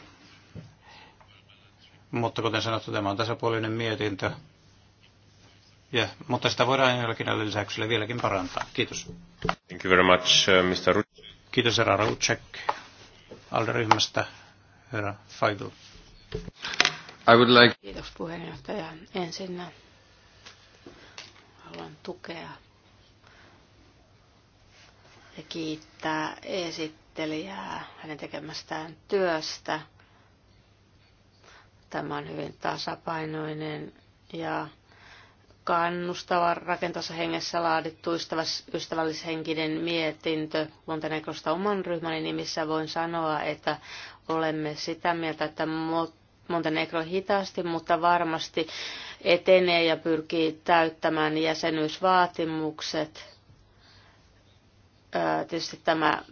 Mutta kuten sanottu, tämä on tasapuolinen mietintö. Ja, mutta sitä voidaan jollakin näillä lisäyksillä vieläkin parantaa. Kiitos. Thank you very much, uh, Mr. Kiitos, Herra Rucek, Alderyhmästä herra Feigl. I would like... Kiitos puheenjohtaja. Ensin haluan tukea ja kiittää esittelijää hänen tekemästään työstä. Tämä on hyvin tasapainoinen ja kannustava rakentavassa hengessä laadittu ystävällishenkinen mietintö Montenegrosta oman ryhmäni nimissä voin sanoa, että olemme sitä mieltä, että Montenegro hitaasti, mutta varmasti etenee ja pyrkii täyttämään jäsenyysvaatimukset. Tietysti tämä,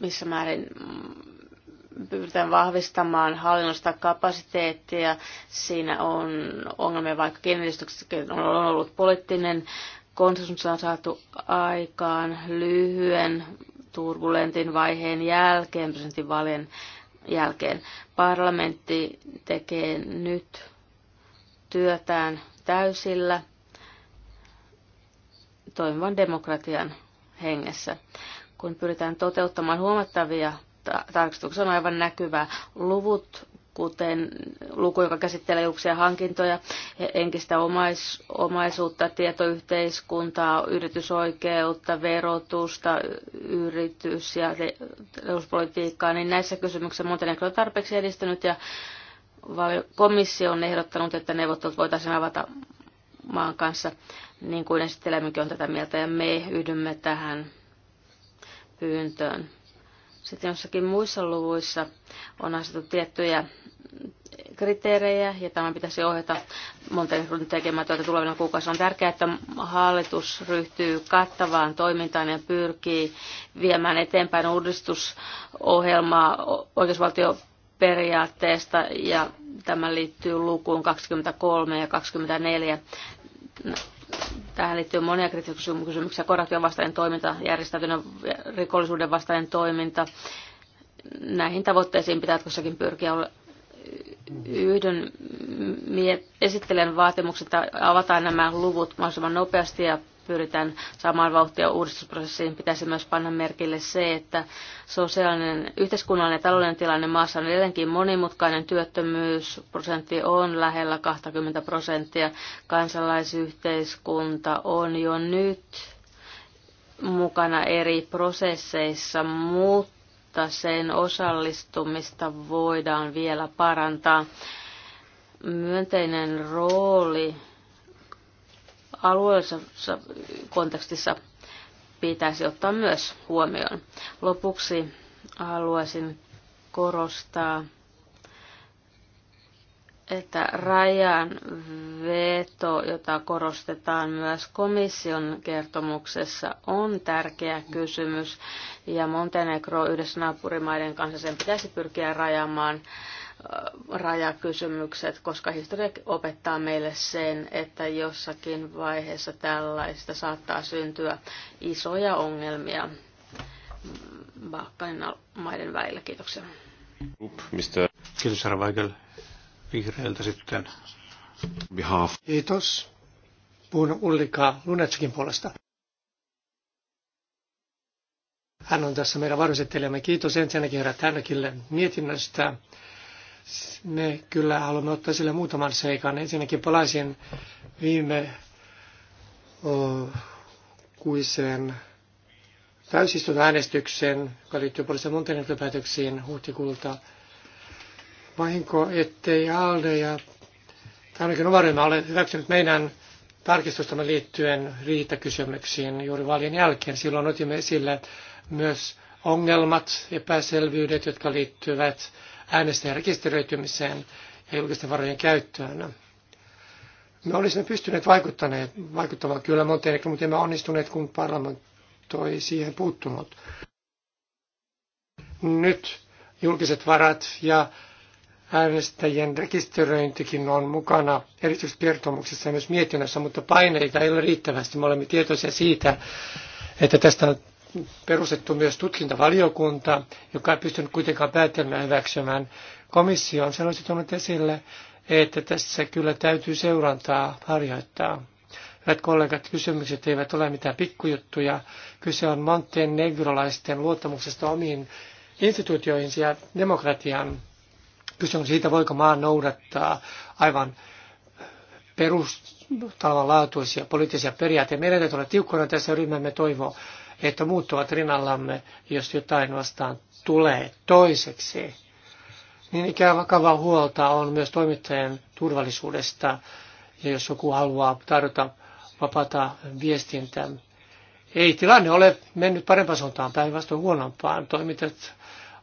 missä määrin pyritään vahvistamaan hallinnosta kapasiteettia. Siinä on ongelmia, vaikka kenellistöksessäkin on ollut poliittinen konsensus on saatu aikaan lyhyen turbulentin vaiheen jälkeen, presidentinvaalien jälkeen. Parlamentti tekee nyt työtään täysillä toimivan demokratian hengessä, kun pyritään toteuttamaan huomattavia tarkastuksessa on aivan näkyvä. Luvut, kuten luku, joka käsittelee julkisia hankintoja, enkistä omais, omaisuutta, tietoyhteiskuntaa, yritysoikeutta, verotusta, yritys- ja talouspolitiikkaa, niin näissä kysymyksissä Montenegro on tarpeeksi edistynyt ja komissio on ehdottanut, että neuvottelut voitaisiin avata maan kanssa, niin kuin esittelemmekin on tätä mieltä, ja me yhdymme tähän pyyntöön. Sitten jossakin muissa luvuissa on asetettu tiettyjä kriteerejä ja tämä pitäisi ohjata Montenegron tekemään työtä tulevina kuukausina. On tärkeää, että hallitus ryhtyy kattavaan toimintaan ja pyrkii viemään eteenpäin uudistusohjelmaa oikeusvaltioperiaatteesta ja tämä liittyy lukuun 23 ja 24 Tähän liittyy monia kysymyksiä, korruption vastainen toiminta, järjestäytyneen rikollisuuden vastainen toiminta. Näihin tavoitteisiin pitää jatkossakin pyrkiä olla yhden esittelijän vaatimukset, että avataan nämä luvut mahdollisimman nopeasti ja pyritään saamaan vauhtia uudistusprosessiin, pitäisi myös panna merkille se, että sosiaalinen, yhteiskunnallinen ja taloudellinen tilanne maassa on edelleenkin monimutkainen. Työttömyysprosentti on lähellä 20 prosenttia. Kansalaisyhteiskunta on jo nyt mukana eri prosesseissa, mutta sen osallistumista voidaan vielä parantaa. Myönteinen rooli alueellisessa kontekstissa pitäisi ottaa myös huomioon. Lopuksi haluaisin korostaa, että rajan veto, jota korostetaan myös komission kertomuksessa, on tärkeä kysymys ja Montenegro yhdessä naapurimaiden kanssa sen pitäisi pyrkiä rajamaan rajakysymykset, koska historia opettaa meille sen, että jossakin vaiheessa tällaista saattaa syntyä isoja ongelmia Balkanin maiden välillä. Kiitoksia. Kiitos, herra Weigel. vihreiltä sitten. Behalf. Kiitos. Puhun Ullika Lunetskin puolesta. Hän on tässä meidän varoisettelijamme. Kiitos ensinnäkin herra Tänäkille mietinnöstä me kyllä haluamme ottaa sille muutaman seikan. Ensinnäkin palaisin viime kuiseen kuiseen äänestykseen, joka liittyy poliisin Montenegro-päätöksiin huhtikuulta. Vahinko, ettei ALDE ja ainakin oma ryhmä ole hyväksynyt meidän tarkistustamme liittyen riitäkysymyksiin juuri vaalien jälkeen. Silloin otimme esille myös ongelmat, epäselvyydet, jotka liittyvät äänestäjän rekisteröitymiseen ja julkisten varojen käyttöön. Me olisimme pystyneet vaikuttaneet, vaikuttamaan kyllä Montenegro, mutta emme onnistuneet, kun parlamentoi ei siihen puuttunut. Nyt julkiset varat ja äänestäjien rekisteröintikin on mukana kertomuksessa ja myös mietinnössä, mutta paineita ei ole riittävästi. Me olemme tietoisia siitä, että tästä on perustettu myös tutkintavaliokunta, joka ei pystynyt kuitenkaan päätelmään hyväksymään Komissio on olisi tuonut esille, että tässä kyllä täytyy seurantaa harjoittaa. Hyvät kollegat, kysymykset eivät ole mitään pikkujuttuja. Kyse on montenegrolaisten luottamuksesta omiin instituutioihinsa ja demokratiaan. Kyse on siitä, voiko maa noudattaa aivan perustavanlaatuisia poliittisia periaatteita. Meidän täytyy olla tiukkoina tässä ryhmämme toivoo että muut ovat rinnallamme, jos jotain vastaan tulee toiseksi. Niin ikään vakava huolta on myös toimittajien turvallisuudesta, ja jos joku haluaa tarjota vapaata viestintää. Ei tilanne ole mennyt parempaan suuntaan, päinvastoin huonompaan. Toimittajat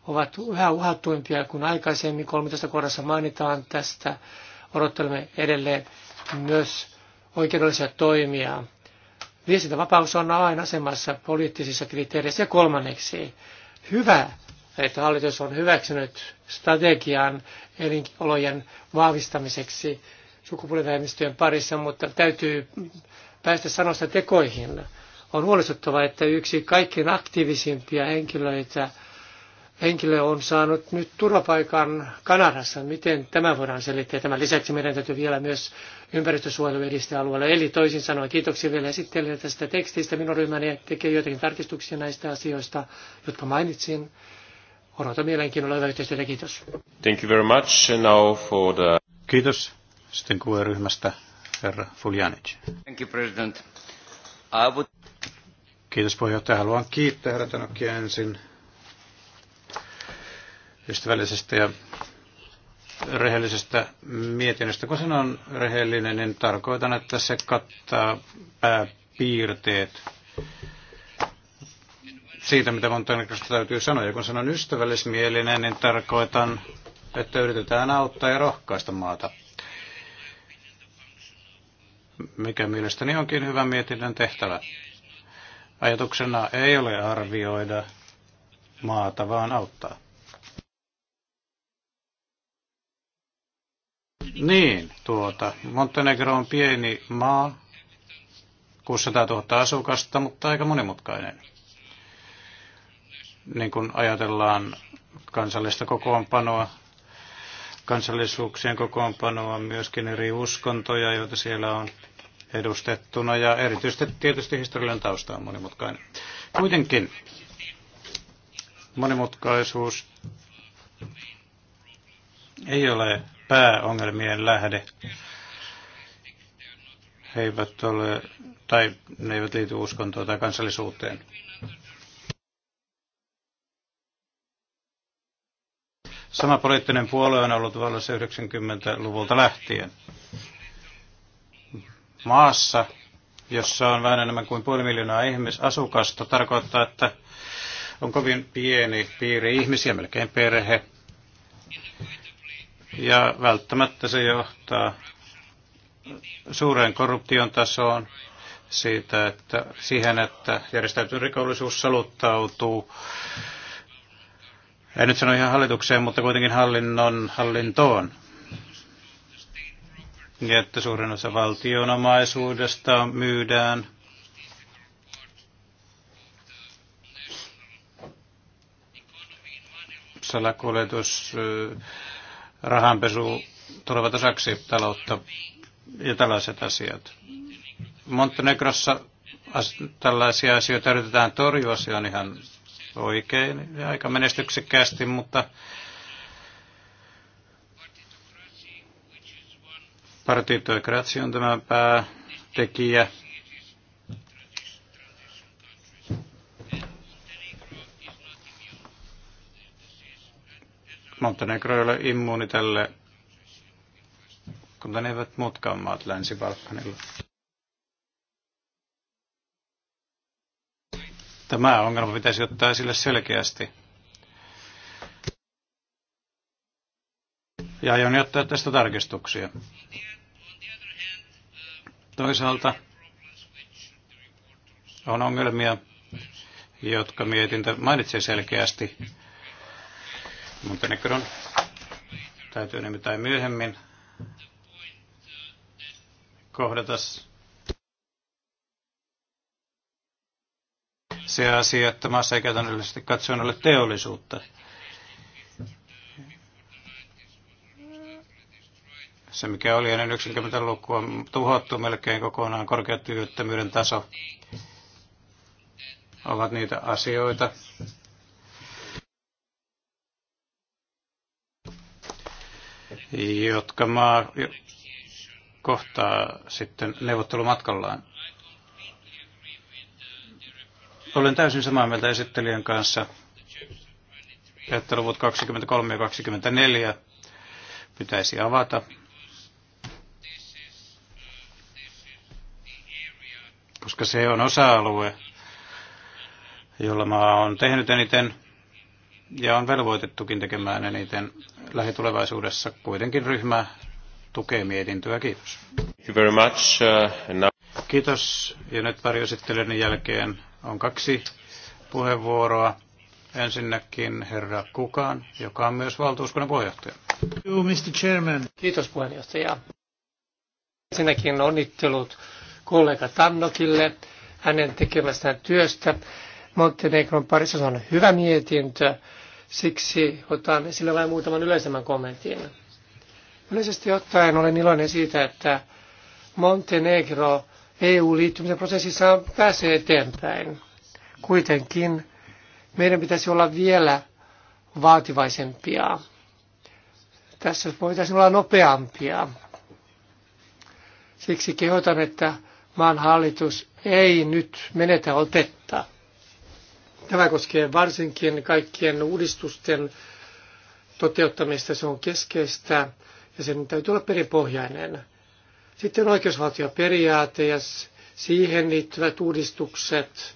ovat yhä uhattuimpia kuin aikaisemmin. 13 kohdassa mainitaan tästä. Odottelemme edelleen myös oikeudellisia toimia Viestintävapaus on aina asemassa poliittisissa kriteereissä. Ja kolmanneksi, hyvä, että hallitus on hyväksynyt strategian elinolojen vahvistamiseksi sukupuolivähemmistöjen parissa, mutta täytyy päästä sanosta tekoihin. On huolestuttavaa, että yksi kaikkein aktiivisimpia henkilöitä – henkilö on saanut nyt turvapaikan Kanadassa. Miten tämä voidaan selittää? Tämän lisäksi meidän täytyy vielä myös ympäristösuojelu alueella. Eli toisin sanoen kiitoksia vielä esittelijä tästä tekstistä. Minun ryhmäni tekee joitakin tarkistuksia näistä asioista, jotka mainitsin. Odotan mielenkiinnolla hyvää yhteistyötä. Kiitos. Thank you very much. Now for the... Kiitos. Sitten QE-ryhmästä herra Fuljanic. Thank you, President. I would... Kiitos puheenjohtaja. Haluan kiittää herra Tanokia ensin ystävällisestä ja rehellisestä mietinnöstä. Kun sanon rehellinen, niin tarkoitan, että se kattaa pääpiirteet siitä, mitä Montenegrosta täytyy sanoa. Ja kun sanon ystävällismielinen, niin tarkoitan, että yritetään auttaa ja rohkaista maata. Mikä mielestäni onkin hyvä mietinnön tehtävä. Ajatuksena ei ole arvioida maata, vaan auttaa. Niin, tuota. Montenegro on pieni maa, 600 000 asukasta, mutta aika monimutkainen. Niin kun ajatellaan kansallista kokoonpanoa, kansallisuuksien kokoonpanoa, myöskin eri uskontoja, joita siellä on edustettuna, ja erityisesti tietysti historiallinen tausta on monimutkainen. Kuitenkin monimutkaisuus ei ole pääongelmien lähde. He eivät ole, tai ne eivät liity uskontoon tai kansallisuuteen. Sama poliittinen puolue on ollut vallassa 90-luvulta lähtien. Maassa, jossa on vähän enemmän kuin puoli miljoonaa ihmisasukasta, tarkoittaa, että on kovin pieni piiri ihmisiä, melkein perhe, ja välttämättä se johtaa suureen korruption tasoon siitä, että siihen, että järjestäytynyt rikollisuus saluttautuu, en nyt sano ihan hallitukseen, mutta kuitenkin hallinnon hallintoon. Ja että suurin osa valtion omaisuudesta myydään salakuljetus rahanpesu tulevat osaksi taloutta ja tällaiset asiat. Montenegrossa tällaisia asioita yritetään torjua, se on ihan oikein ja aika menestyksekkäästi, mutta partitokratia on tämä päätekijä – Montenegro ei ole immuuni tälle, ne eivät muutkaan maat Länsi-Balkanilla. Tämä ongelma pitäisi ottaa esille selkeästi. Ja aion jättää tästä tarkistuksia. Toisaalta on ongelmia, jotka mietintä mainitsee selkeästi Montenegron. Täytyy nimittäin myöhemmin kohdata se asia, että maassa ei käytännöllisesti katsoen ole teollisuutta. Se, mikä oli ennen 90-lukua, tuhottu melkein kokonaan korkeatyöttömyyden taso, ovat niitä asioita, jotka maa kohtaa sitten neuvottelumatkallaan. Olen täysin samaa mieltä esittelijän kanssa, että luvut 23 ja 24 pitäisi avata, koska se on osa-alue, jolla maa on tehnyt eniten ja on velvoitettukin tekemään eniten lähitulevaisuudessa kuitenkin ryhmä tukee mietintöä. Kiitos. Thank you very much. Uh, now... Kiitos. Ja nyt varjoesittelyn jälkeen on kaksi puheenvuoroa. Ensinnäkin herra Kukaan, joka on myös valtuuskunnan puheenjohtaja. You, Mr. Chairman. Kiitos puheenjohtaja. Ensinnäkin onnittelut kollega Tannokille hänen tekemästään työstä. Montenegron parissa se on hyvä mietintö Siksi otan esille vain muutaman yleisemmän kommentin. Yleisesti ottaen olen iloinen siitä, että Montenegro EU-liittymisen prosessissa pääsee eteenpäin. Kuitenkin meidän pitäisi olla vielä vaativaisempia. Tässä voitaisiin olla nopeampia. Siksi kehotan, että maan hallitus ei nyt menetä otetta. Tämä koskee varsinkin kaikkien uudistusten toteuttamista. Se on keskeistä ja sen täytyy olla peripohjainen. Sitten oikeusvaltioperiaate ja siihen liittyvät uudistukset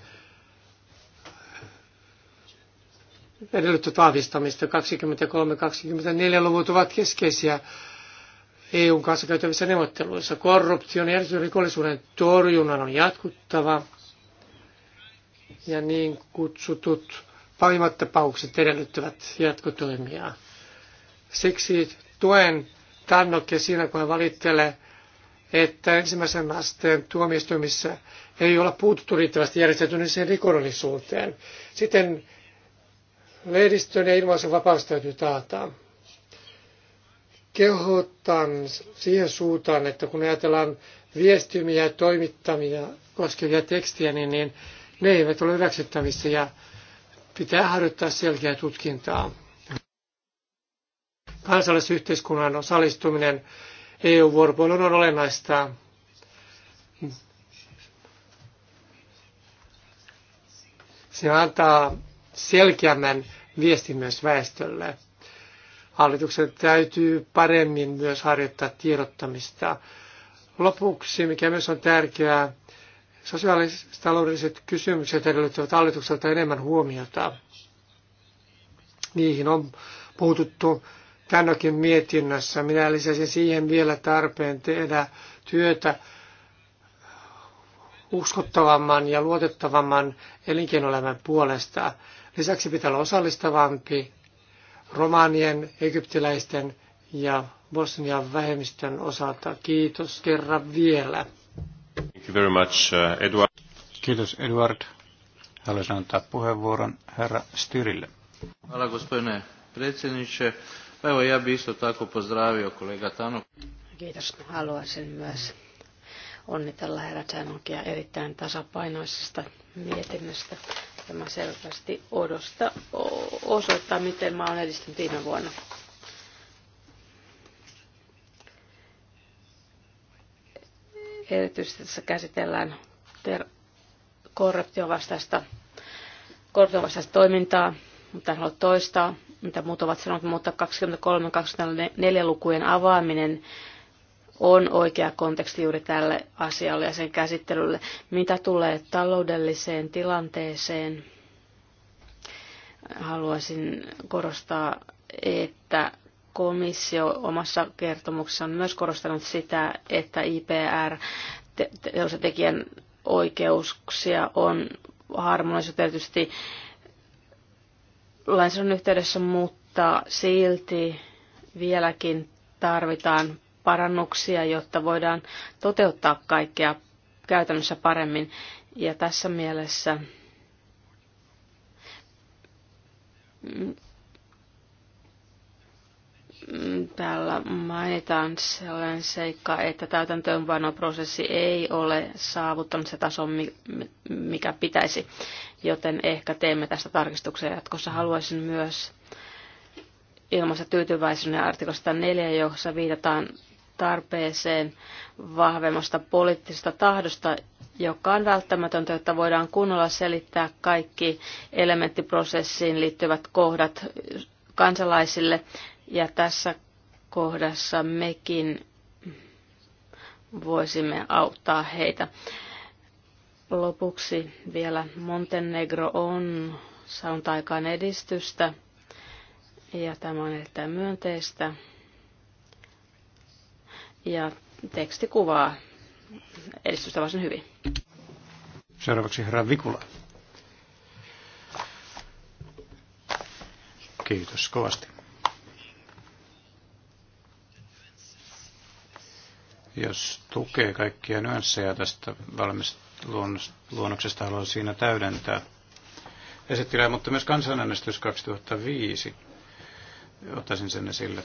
edellyttävät vahvistamista. 23-24-luvut ovat keskeisiä EUn kanssa käytävissä neuvotteluissa. Korruption ja rikollisuuden torjunnan on jatkuttava ja niin kutsutut pahimmat tapaukset edellyttävät jatkotoimia. Siksi tuen Tannokia siinä, kun hän valittelee, että ensimmäisen asteen tuomioistuimissa ei olla puututtu riittävästi järjestäytyneeseen rikollisuuteen. Siten lehdistön ja ilmaisen vapaus täytyy taata. Kehotan siihen suuntaan, että kun ajatellaan viestimiä ja toimittamia koskevia tekstiä, niin, niin ne eivät ole hyväksyttävissä ja pitää harjoittaa selkeää tutkintaa. Kansallisyhteiskunnan osallistuminen EU-vuoropuolun on olennaista. Se antaa selkeämmän viestin myös väestölle. Hallituksen täytyy paremmin myös harjoittaa tiedottamista. Lopuksi, mikä myös on tärkeää, taloudelliset kysymykset edellyttävät hallitukselta enemmän huomiota. Niihin on puututtu tänäkin mietinnössä. Minä lisäsin siihen vielä tarpeen tehdä työtä uskottavamman ja luotettavamman elinkeinoelämän puolesta. Lisäksi pitää olla osallistavampi romaanien, egyptiläisten ja bosnian vähemmistön osalta. Kiitos kerran vielä. Thank you very much, uh, Eduard. Kiitos Eduard. Haluaisin antaa puheenvuoron herra Styrille. Hvala gospodine predsjedniče. Pa evo ja bi isto tako pozdravio kollega Tanok. Kiitos. Haluaisin myös onnitella herra Tanokia erittäin tasapainoisesta mietinnöstä. Tämä selvästi odosta, osoittaa, miten mä olen edistynyt viime vuonna. Erityisesti tässä käsitellään ter- korruptiovastaista, korruptiovastaista toimintaa, mutta en halua toistaa, mitä muut ovat sanoneet, mutta 23-24 lukujen avaaminen on oikea konteksti juuri tälle asialle ja sen käsittelylle. Mitä tulee taloudelliseen tilanteeseen, haluaisin korostaa, että Komissio omassa kertomuksessaan myös korostanut sitä, että IPR te- tekijän oikeuksia on harmonisoitu tietysti lainsäädännön yhteydessä, mutta silti vieläkin tarvitaan parannuksia, jotta voidaan toteuttaa kaikkea käytännössä paremmin. Ja tässä mielessä Mm, täällä mainitaan sellainen seikka, että täytäntöönpanoprosessi ei ole saavuttanut se taso, mikä pitäisi, joten ehkä teemme tästä tarkistuksia jatkossa. Haluaisin myös ilmaista tyytyväisyyden artikosta 4, jossa viitataan tarpeeseen vahvemmasta poliittisesta tahdosta, joka on välttämätöntä, että voidaan kunnolla selittää kaikki elementtiprosessiin liittyvät kohdat kansalaisille ja tässä kohdassa mekin voisimme auttaa heitä. Lopuksi vielä Montenegro on saanut aikaan edistystä ja tämä on erittäin myönteistä. Ja teksti kuvaa edistystä varsin hyvin. Seuraavaksi herra Vikula. Kiitos kovasti. jos tukee kaikkia nyansseja tästä valmisluonnoksesta, haluan siinä täydentää esittilää, mutta myös kansanäänestys 2005. Ottaisin sen esille.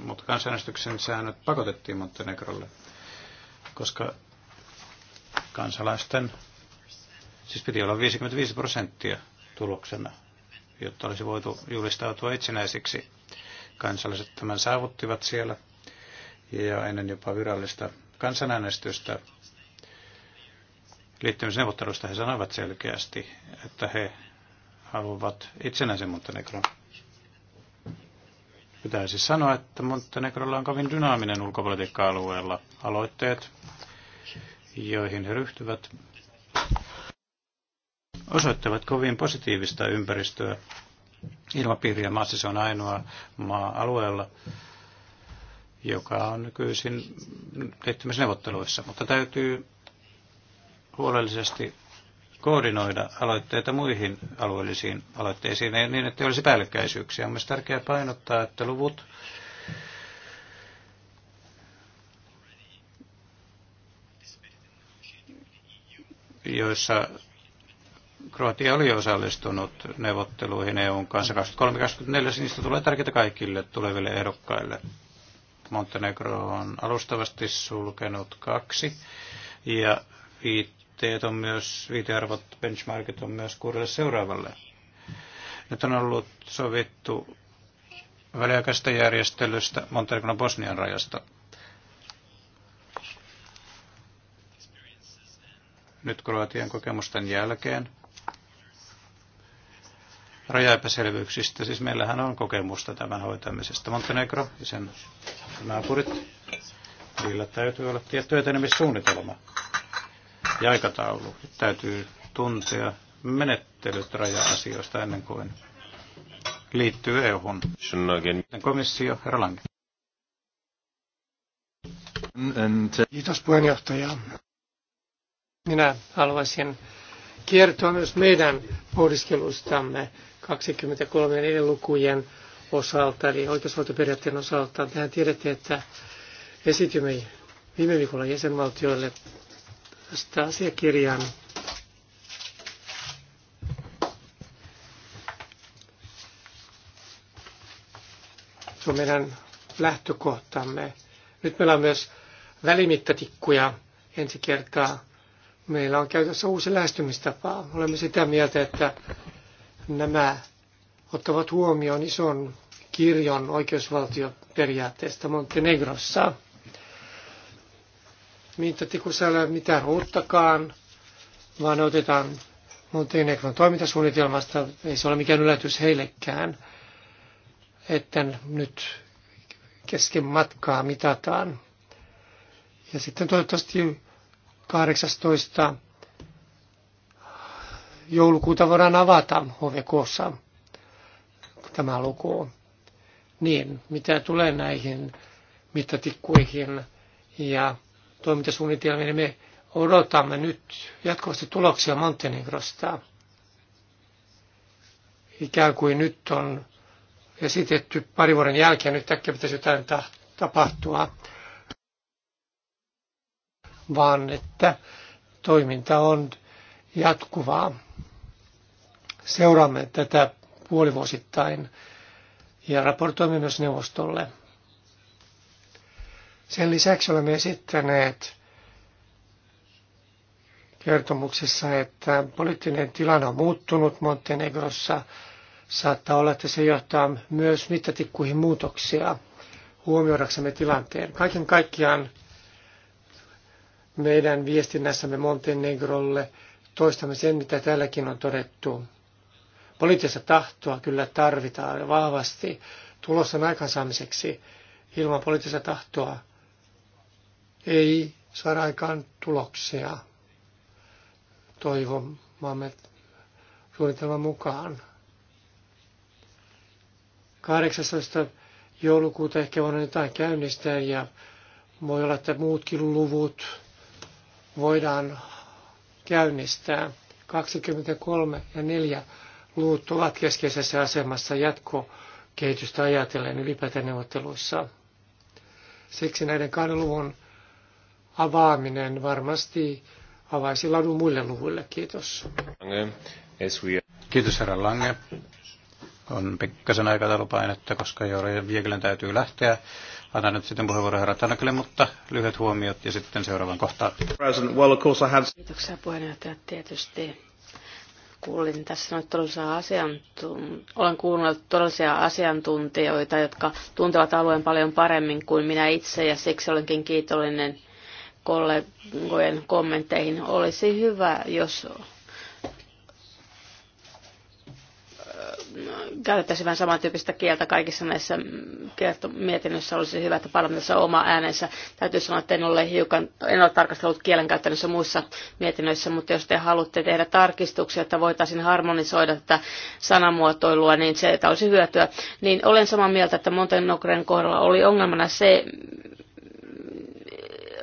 Mutta kansanäänestyksen säännöt pakotettiin Montenegrolle, koska kansalaisten, siis piti olla 55 prosenttia tuloksena, jotta olisi voitu julistautua itsenäisiksi. Kansalaiset tämän saavuttivat siellä – ja ennen jopa virallista kansanäänestystä liittymisneuvottelusta he sanoivat selkeästi, että he haluavat itsenäisen Montenegron. Pitää siis sanoa, että Montenegrolla on kovin dynaaminen ulkopolitiikka-alueella. Aloitteet, joihin he ryhtyvät, osoittavat kovin positiivista ympäristöä. ilmapiiriä maassa se on ainoa maa alueella, joka on nykyisin liittymisneuvotteluissa, mutta täytyy huolellisesti koordinoida aloitteita muihin alueellisiin aloitteisiin niin, niin, että ei olisi päällekkäisyyksiä. On myös tärkeää painottaa, että luvut joissa Kroatia oli osallistunut neuvotteluihin EUn kanssa 23-24, niistä tulee tärkeitä kaikille tuleville ehdokkaille. Montenegro on alustavasti sulkenut kaksi ja viitteet on myös, viitearvot, benchmarkit on myös kuudelle seuraavalle. Nyt on ollut sovittu väliaikaisesta järjestelystä Montenegron Bosnian rajasta. Nyt Kroatian kokemusten jälkeen rajaepäselvyyksistä. Siis meillähän on kokemusta tämän hoitamisesta. Montenegro ja sen naapurit, niillä täytyy olla tietty etenemissuunnitelma ja aikataulu. Täytyy tuntea menettelyt raja-asioista ennen kuin liittyy EU-hun. Komissio, herra Lange. Kiitos puheenjohtaja. Minä haluaisin kertoa myös meidän pohdiskelustamme 23 lukujen osalta, eli oikeusvaltioperiaatteen osalta. Tähän tiedätte, että esitimme viime viikolla jäsenvaltioille tästä asiakirjan Se on meidän lähtökohtamme. Nyt meillä on myös välimittatikkuja ensi kertaa. Meillä on käytössä uusi lähestymistapa. Olemme sitä mieltä, että nämä ottavat huomioon ison kirjon oikeusvaltioperiaatteesta Montenegrossa. Mitä tikussa ei ole mitään ruuttakaan, vaan otetaan Montenegron toimintasuunnitelmasta. Ei se ole mikään yllätys heillekään, että nyt kesken matkaa mitataan. Ja sitten toivottavasti 18 joulukuuta voidaan avata HVKssa tämä luku. Niin, mitä tulee näihin mittatikkuihin ja toimintasuunnitelmiin, niin me odotamme nyt jatkuvasti tuloksia Montenegrosta. Ikään kuin nyt on esitetty pari vuoden jälkeen, nyt äkkiä pitäisi jotain ta- tapahtua, vaan että toiminta on jatkuvaa. Seuraamme tätä puolivuosittain ja raportoimme myös neuvostolle. Sen lisäksi olemme esittäneet kertomuksessa, että poliittinen tilanne on muuttunut Montenegrossa. Saattaa olla, että se johtaa myös mittatikkuihin muutoksia huomioidaksemme tilanteen. Kaiken kaikkiaan meidän viestinnässämme Montenegrolle toistamme sen, mitä täälläkin on todettu. Poliittista tahtoa kyllä tarvitaan vahvasti tulosten aikaansaamiseksi. Ilman poliittista tahtoa ei saada aikaan tuloksia toivomamme suunnitelman mukaan. 18. joulukuuta ehkä voidaan jotain käynnistää ja voi olla, että muutkin luvut voidaan käynnistää. 23 ja 4 luut ovat keskeisessä asemassa jatkokehitystä ajatellen ylipäätään neuvotteluissa. Siksi näiden kahden luvun avaaminen varmasti avaisi ladun muille luvuille. Kiitos. Kiitos herra Lange. On pikkasen aikataulupainetta, koska Jori Viegelän täytyy lähteä. Annan nyt sitten puheenvuoron herra Tanakille, mutta lyhyet huomiot ja sitten seuraavan kohtaan. Kiitoksia puheenjohtaja. Tietysti kuulin tässä noita todellisia asiantuntijoita. olen kuunnellut todellisia asiantuntijoita, jotka tuntevat alueen paljon paremmin kuin minä itse ja siksi olenkin kiitollinen kollegojen kommentteihin. Olisi hyvä, jos käytettäisiin vähän samantyyppistä kieltä kaikissa näissä mietinnöissä. Olisi hyvä, että parlamentissa oma äänensä. Täytyy sanoa, että en ole, hiukan, en ole tarkastellut kielenkäyttännössä muissa mietinnöissä, mutta jos te haluatte tehdä tarkistuksia, että voitaisiin harmonisoida tätä sanamuotoilua, niin se että olisi hyötyä. Niin olen samaa mieltä, että Montenegron kohdalla oli ongelmana se,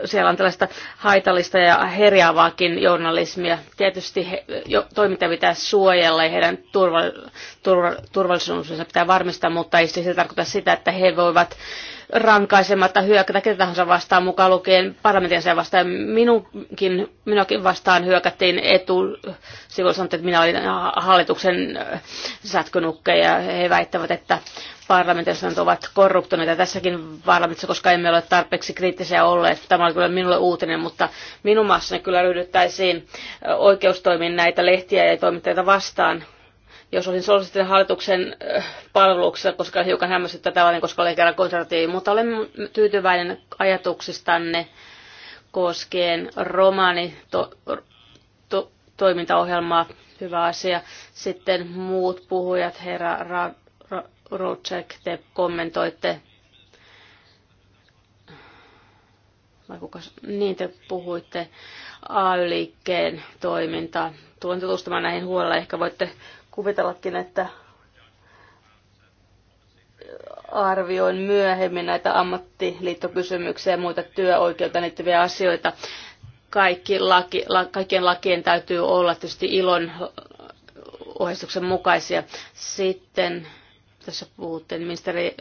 siellä on tällaista haitallista ja herjaavaakin journalismia. Tietysti he, jo, toiminta pitää suojella ja heidän turva, turva, turvallisuutensa pitää varmistaa, mutta ei se tarkoita sitä, että he voivat rankaisematta hyökätä ketä tahansa vastaan mukaan lukien parlamentin vastaan. Minunkin, minunkin vastaan hyökättiin etusivulla sanottiin, että minä olin äh, hallituksen äh, sätkönukke ja he väittävät, että parlamentin ovat korruptoneita tässäkin parlamentissa, koska emme ole tarpeeksi kriittisiä olleet. Tämä oli kyllä minulle uutinen, mutta minun maassani kyllä ryhdyttäisiin äh, oikeustoimiin näitä lehtiä ja toimittajia vastaan jos olisin suosittelin hallituksen äh, palveluksessa, koska hiukan tätä tällainen, koska olen kerran konservatiivi, mutta olen tyytyväinen ajatuksistanne koskien romani to, to, toimintaohjelmaa. Hyvä asia. Sitten muut puhujat, herra Rocek, te kommentoitte. Vai kuka, niin te puhuitte AY-liikkeen toimintaan. Tulen tutustumaan näihin huolella. Ehkä voitte kuvitellakin, että arvioin myöhemmin näitä ammattiliittokysymyksiä ja muita työoikeutta liittyviä asioita. Kaikki laki, la, kaikkien lakien täytyy olla tietysti ilon ohjeistuksen mukaisia. Sitten tässä puhuttiin ministeri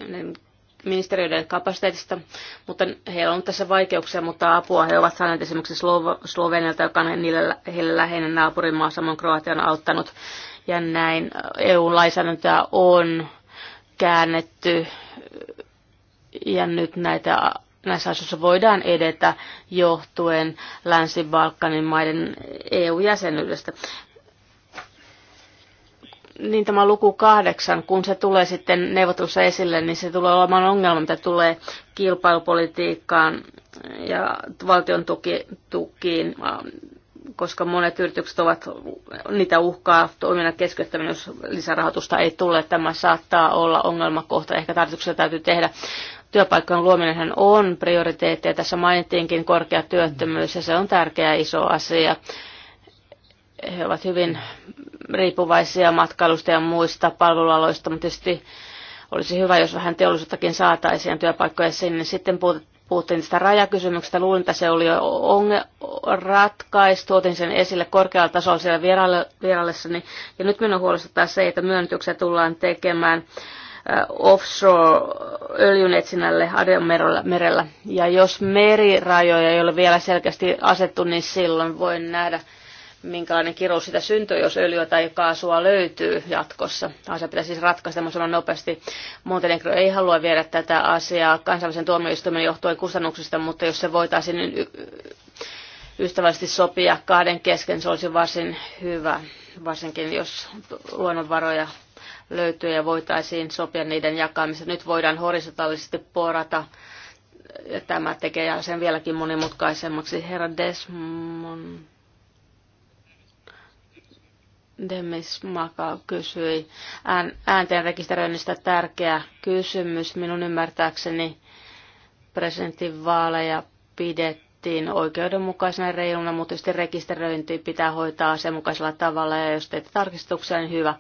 ministeriöiden kapasiteetista, mutta heillä on tässä vaikeuksia, mutta apua he ovat saaneet esimerkiksi Slovenialta, joka on heille läheinen naapurimaa, samoin Kroatian auttanut. Ja näin EU-lainsäädäntöä on käännetty ja nyt näitä näissä asioissa voidaan edetä johtuen Länsi-Balkanin maiden EU-jäsenyydestä niin tämä luku kahdeksan, kun se tulee sitten neuvotussa esille, niin se tulee olemaan ongelma, mitä tulee kilpailupolitiikkaan ja valtion tuki, tukiin, ähm, koska monet yritykset ovat, niitä uhkaa toiminnan keskeyttäminen, jos lisärahoitusta ei tule. Tämä saattaa olla ongelmakohta, ehkä tarkoituksella täytyy tehdä. Työpaikkojen luominen on prioriteetti ja tässä mainittiinkin korkea työttömyys ja se on tärkeä iso asia he ovat hyvin riippuvaisia matkailusta ja muista palvelualoista, mutta tietysti olisi hyvä, jos vähän teollisuuttakin saataisiin työpaikkoja sinne. Sitten puhuttiin tästä rajakysymyksestä. Luulin, että se oli jo onge- ratkaistu. Otin sen esille korkealla tasolla siellä vierallessani. Ja nyt minun huolestuttaa se, että myönnytyksiä tullaan tekemään äh, offshore-öljynetsinnälle merellä. Ja jos merirajoja ei ole vielä selkeästi asettu, niin silloin voin nähdä minkälainen kirous sitä syntyy, jos öljyä tai kaasua löytyy jatkossa. Asia pitäisi siis ratkaista mahdollisimman nopeasti. Montenegro ei halua viedä tätä asiaa kansainvälisen tuomioistuimen johtuen kustannuksista, mutta jos se voitaisiin niin ystävällisesti sopia kahden kesken, se olisi varsin hyvä, varsinkin jos luonnonvaroja löytyy ja voitaisiin sopia niiden jakamista. Nyt voidaan horisontaalisesti porata ja tämä tekee sen vieläkin monimutkaisemmaksi. Herra Desmond Demis Maka kysyi äänten rekisteröinnistä tärkeä kysymys. Minun ymmärtääkseni presidentinvaaleja pidettiin oikeudenmukaisena reiluna, mutta tietysti rekisteröinti pitää hoitaa asianmukaisella tavalla ja jos teet tarkistuksia, niin hyvä.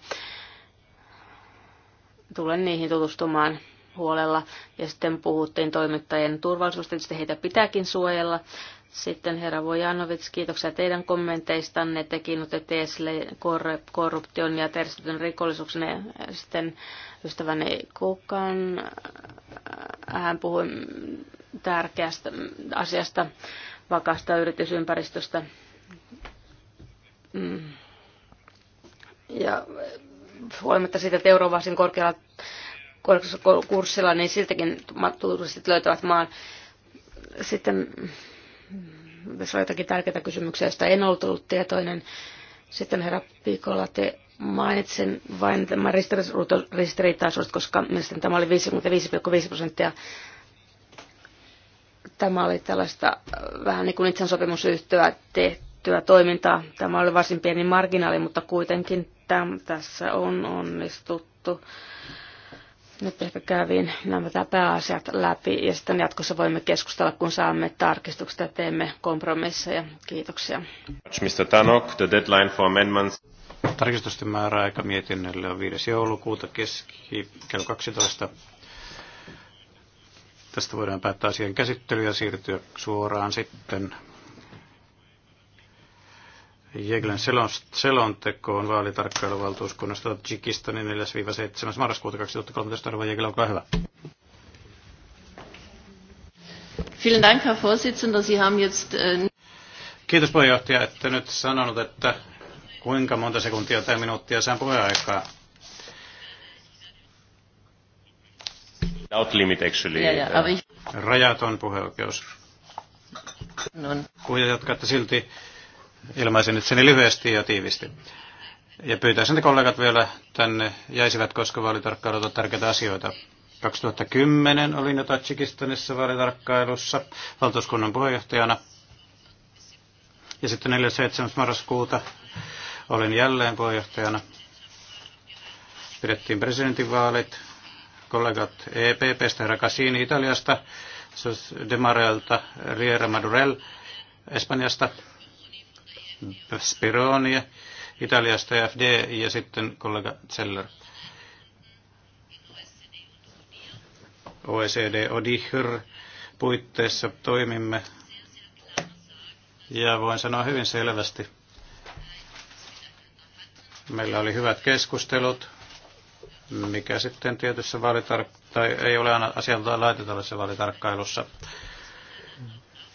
Tulen niihin tutustumaan huolella. Ja sitten puhuttiin toimittajien turvallisuudesta, tietysti heitä pitääkin suojella. Sitten herra Vojanovic, kiitoksia teidän kommenteistanne. Te kiinnotitte esille korruption ja terveystetyn rikollisuuksen. sitten ystäväni Kukan. Äh, hän puhui tärkeästä asiasta, vakaasta yritysympäristöstä. Mm. Ja huolimatta siitä, että Eurovasin korkealla kurssilla, niin siltäkin turistit löytävät maan. Sitten se on jotakin tärkeitä kysymyksiä, joista en ollut ollut tietoinen. Sitten herra Piikola, te mainitsen vain tämän ristiriitaisuudet, koska mielestäni tämä oli 55,5 prosenttia. Tämä oli tällaista äh, vähän niin kuin itsensopimusyhtyä tehtyä toimintaa. Tämä oli varsin pieni marginaali, mutta kuitenkin tämän, tässä on onnistuttu. Nyt ehkä kävin nämä pääasiat läpi ja sitten jatkossa voimme keskustella, kun saamme tarkistukset ja teemme kompromisseja. Kiitoksia. Mr. Tanok, the deadline for amendments. Tarkistusten määräaika mietinnölle on 5. joulukuuta keski kello 12. Tästä voidaan päättää asian käsittely ja siirtyä suoraan sitten Jeglen selontekoon vaalitarkkailuvaltuuskunnasta Tjikistanin 4-7. marraskuuta 2013. Arvo Jegel, olkaa hyvä. Vielen Dank, Herr Vorsitzender. Sie haben jetzt... Äh, Kiitos puheenjohtaja, että nyt sanonut, että kuinka monta sekuntia tai minuuttia saan puheaikaa. Without limit, actually. Yeah, äh, yeah, Rajaton puheoikeus. Non. Niin. Kun jatkatte silti Ilmaisin itseni lyhyesti ja tiivisti. Ja pyytäisin, että kollegat vielä tänne jäisivät, koska vaalitarkkailut ovat tärkeitä asioita. 2010 olin jo Tatsikistanissa vaalitarkkailussa valtuuskunnan puheenjohtajana. Ja sitten 4.7. marraskuuta olin jälleen puheenjohtajana. Pidettiin presidentinvaalit. Kollegat EPPstä, herra Cassini Italiasta, Demareelta, Riera Madurell Espanjasta, Spironia Italiasta ja FD ja sitten kollega Zeller. OECD ODIHR puitteissa toimimme ja voin sanoa hyvin selvästi, meillä oli hyvät keskustelut, mikä sitten tietyssä vaalitark- tai ei ole aina asialta laitetallisessa vaalitarkkailussa.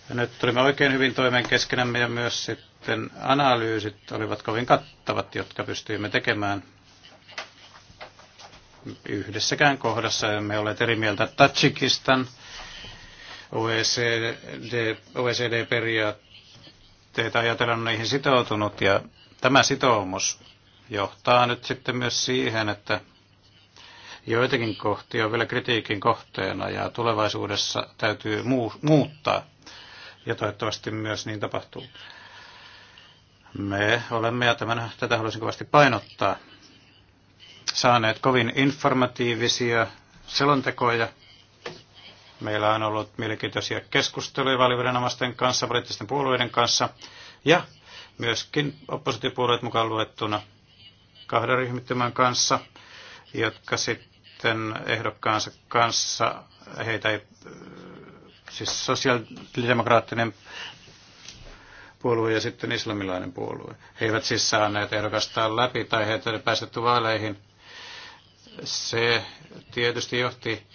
Ja nyt tulimme oikein hyvin toimeen keskenämme ja myös sitten sitten analyysit olivat kovin kattavat, jotka pystyimme tekemään. Yhdessäkään kohdassa emme ole eri mieltä Tatsikistan OECD, OECD-periaatteita ajatellen on niihin sitoutunut ja tämä sitoumus johtaa nyt sitten myös siihen, että joitakin kohtia on vielä kritiikin kohteena ja tulevaisuudessa täytyy muuttaa ja toivottavasti myös niin tapahtuu. Me olemme, ja tämän, tätä haluaisin kovasti painottaa, saaneet kovin informatiivisia selontekoja. Meillä on ollut mielenkiintoisia keskusteluja valiviranomaisten kanssa, poliittisten puolueiden kanssa ja myöskin oppositiopuolueet mukaan luettuna kahden ryhmittymän kanssa, jotka sitten ehdokkaansa kanssa, heitä ei, siis sosiaalidemokraattinen puolue ja sitten islamilainen puolue. He eivät siis saaneet ehdokastaan läpi tai heitä ei päästetty vaaleihin. Se tietysti johti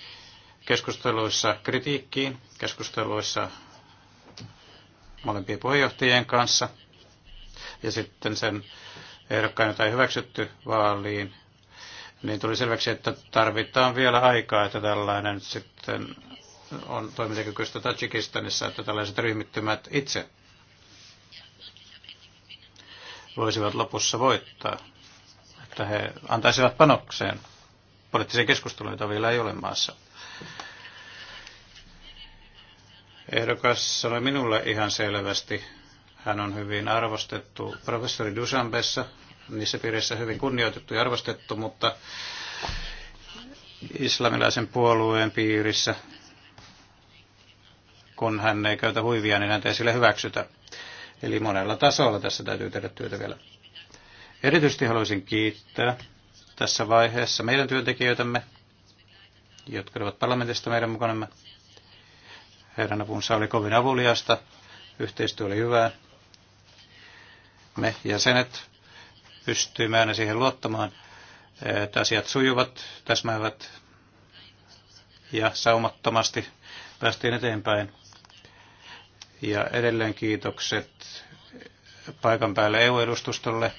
keskusteluissa kritiikkiin, keskusteluissa molempien puheenjohtajien kanssa ja sitten sen ehdokkaan, jota ei hyväksytty vaaliin, niin tuli selväksi, että tarvitaan vielä aikaa, että tällainen sitten on toimintakykyistä Tajikistanissa, että tällaiset ryhmittymät itse voisivat lopussa voittaa, että he antaisivat panokseen poliittiseen keskusteluun, jota vielä ei ole maassa. Ehdokas sanoi minulle ihan selvästi, hän on hyvin arvostettu professori Dusambessa, niissä piirissä hyvin kunnioitettu ja arvostettu, mutta islamilaisen puolueen piirissä, kun hän ei käytä huivia, niin häntä ei sille hyväksytä. Eli monella tasolla tässä täytyy tehdä työtä vielä. Erityisesti haluaisin kiittää tässä vaiheessa meidän työntekijöitämme, jotka ovat parlamentista meidän mukanamme. Heidän apunsa oli kovin avuliasta, yhteistyö oli hyvää. Me jäsenet pystyimme aina siihen luottamaan, että asiat sujuvat, täsmäävät ja saumattomasti päästiin eteenpäin. Ja edelleen kiitokset paikan päällä EU-edustustolle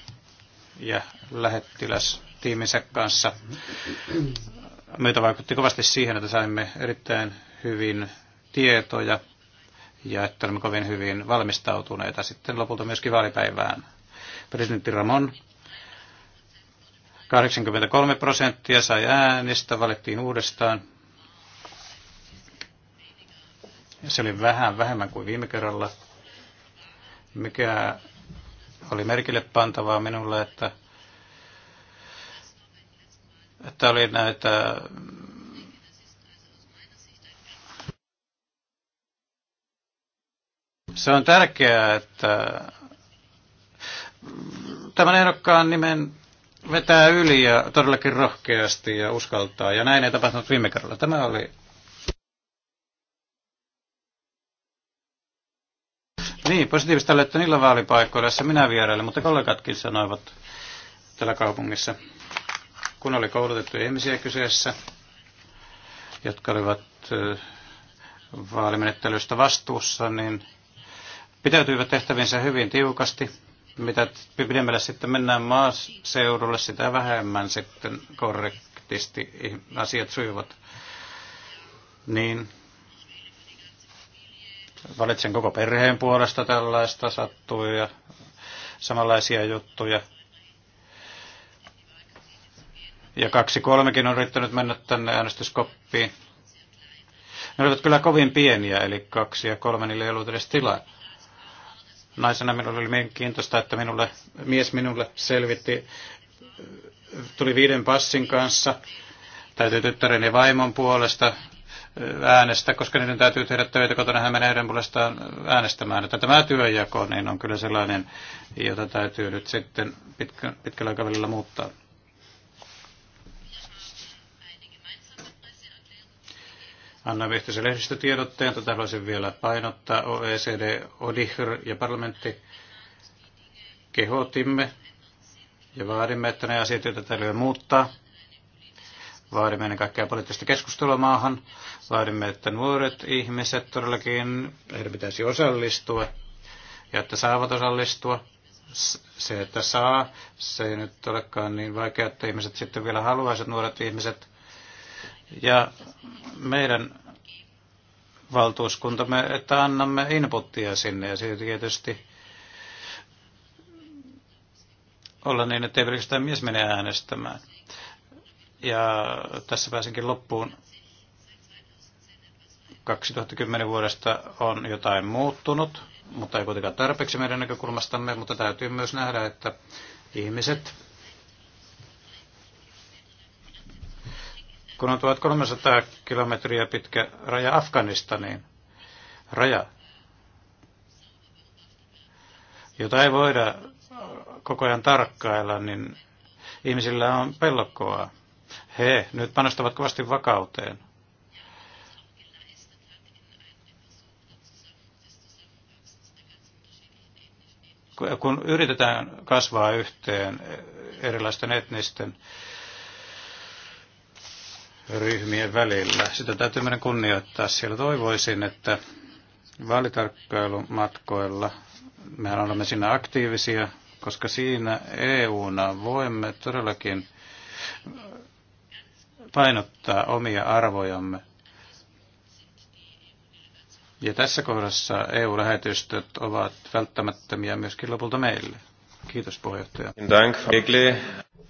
ja lähettilästiiminsä kanssa. Meitä vaikutti kovasti siihen, että saimme erittäin hyvin tietoja ja että olemme kovin hyvin valmistautuneita sitten lopulta myöskin vaalipäivään. Presidentti Ramon 83 prosenttia sai äänestä, valittiin uudestaan. Se oli vähän vähemmän kuin viime kerralla, mikä oli merkille pantavaa minulle, että, että oli näitä Se on tärkeää, että tämän ehdokkaan nimen vetää yli ja todellakin rohkeasti ja uskaltaa. Ja näin ei tapahtunut viime kerralla. Tämä oli Niin, positiivista oli, että niillä vaalipaikoilla, jossa minä vierailin, mutta kollegatkin sanoivat tällä kaupungissa, kun oli koulutettu ihmisiä kyseessä, jotka olivat vaalimenettelystä vastuussa, niin pitäytyivät tehtävinsä hyvin tiukasti. Mitä pidemmälle sitten mennään maaseudulle, sitä vähemmän sitten korrektisti asiat sujuvat. Niin Valitsen koko perheen puolesta tällaista sattuu ja samanlaisia juttuja. Ja kaksi kolmekin on yrittänyt mennä tänne äänestyskoppiin. Ne olivat kyllä kovin pieniä, eli kaksi ja kolme, niille ei ollut edes tilaa. Naisena minulle oli mielenkiintoista, että minulle, mies minulle selvitti, tuli viiden passin kanssa, täytyy tyttären ja vaimon puolesta äänestä, koska niiden täytyy tehdä töitä kotona, hän menee heidän puolestaan äänestämään. Että tämä työnjako niin on kyllä sellainen, jota täytyy nyt sitten pitkä, pitkällä aikavälillä muuttaa. Anna Vihtisen lehdistötiedotteen, tätä haluaisin vielä painottaa. OECD, ODIHR ja parlamentti kehotimme ja vaadimme, että ne asiat, joita täytyy muuttaa, Vaadimme ennen kaikkea poliittista keskustelua maahan. Vaadimme, että nuoret ihmiset todellakin, heidän pitäisi osallistua ja että saavat osallistua. Se, että saa, se ei nyt olekaan niin vaikea, että ihmiset sitten vielä haluaisivat nuoret ihmiset. Ja meidän valtuuskuntamme, että annamme inputtia sinne ja siitä tietysti olla niin, että ei pelkästään mies mene äänestämään. Ja tässä pääsenkin loppuun. 2010 vuodesta on jotain muuttunut, mutta ei kuitenkaan tarpeeksi meidän näkökulmastamme, mutta täytyy myös nähdä, että ihmiset, kun on 1300 kilometriä pitkä raja Afganistaniin, raja, jota ei voida koko ajan tarkkailla, niin ihmisillä on pelkoa he nyt panostavat kovasti vakauteen. Kun yritetään kasvaa yhteen erilaisten etnisten ryhmien välillä, sitä täytyy meidän kunnioittaa. Siellä toivoisin, että vaalitarkkailumatkoilla mehän olemme siinä aktiivisia, koska siinä EU: EU-na voimme todellakin painottaa omia arvojamme. Ja tässä kohdassa EU-lähetystöt ovat välttämättömiä myöskin lopulta meille. Kiitos puheenjohtaja.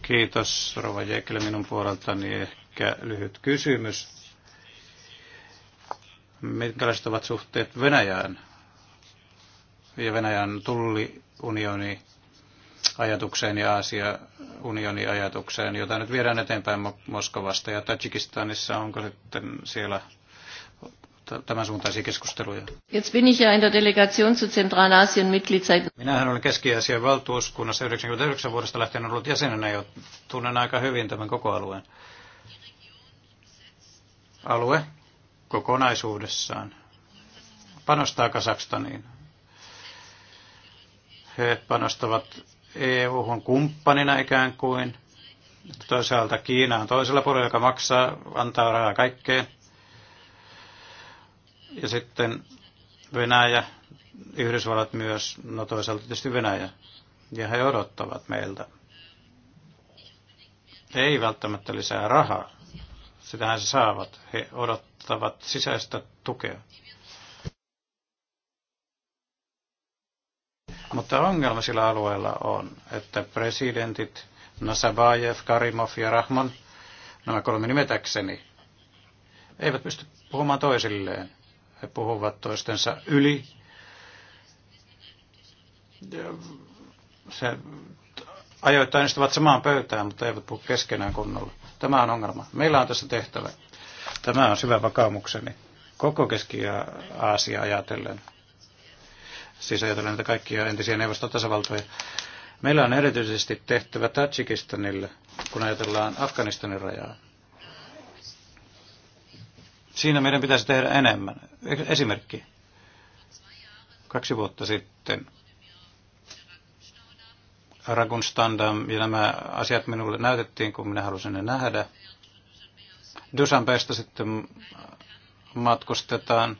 Kiitos Rova Jekle minun puoleltani. Ehkä lyhyt kysymys. Minkälaiset ovat suhteet Venäjään ja Venäjän Tulliunioniin? ajatukseen ja Aasia unionin ajatukseen, jota nyt viedään eteenpäin Moskovasta ja Tajikistanissa. Onko sitten siellä tämän suuntaisia keskusteluja. Jetzt bin ich ja in der Delegation zu Zentralasien Mitglied seit... Minähän olen Keski-Aasian valtuuskunnassa 99 vuodesta lähtien ollut jäsenenä ja tunnen aika hyvin tämän koko alueen. Alue kokonaisuudessaan panostaa Kasakstaniin. He panostavat EU-hun kumppanina ikään kuin. Toisaalta Kiina on toisella puolella, joka maksaa, antaa rahaa kaikkeen. Ja sitten Venäjä, Yhdysvallat myös, no toisaalta tietysti Venäjä. Ja he odottavat meiltä. ei välttämättä lisää rahaa. Sitähän se saavat. He odottavat sisäistä tukea. Mutta ongelma sillä alueella on, että presidentit Nasabayev, Karimov ja Rahman, nämä kolme nimetäkseni, eivät pysty puhumaan toisilleen. He puhuvat toistensa yli. Se ajoittain istuvat samaan pöytään, mutta eivät puhu keskenään kunnolla. Tämä on ongelma. Meillä on tässä tehtävä. Tämä on syvä vakaumukseni koko Keski-Aasia ajatellen siis ajatellen näitä kaikkia entisiä neuvostotasavaltoja. Meillä on erityisesti tehtävä Tajikistanille, kun ajatellaan Afganistanin rajaa. Siinä meidän pitäisi tehdä enemmän. Esimerkki. Kaksi vuotta sitten Ragun Standam ja nämä asiat minulle näytettiin, kun minä halusin ne nähdä. Dusanbeesta sitten matkustetaan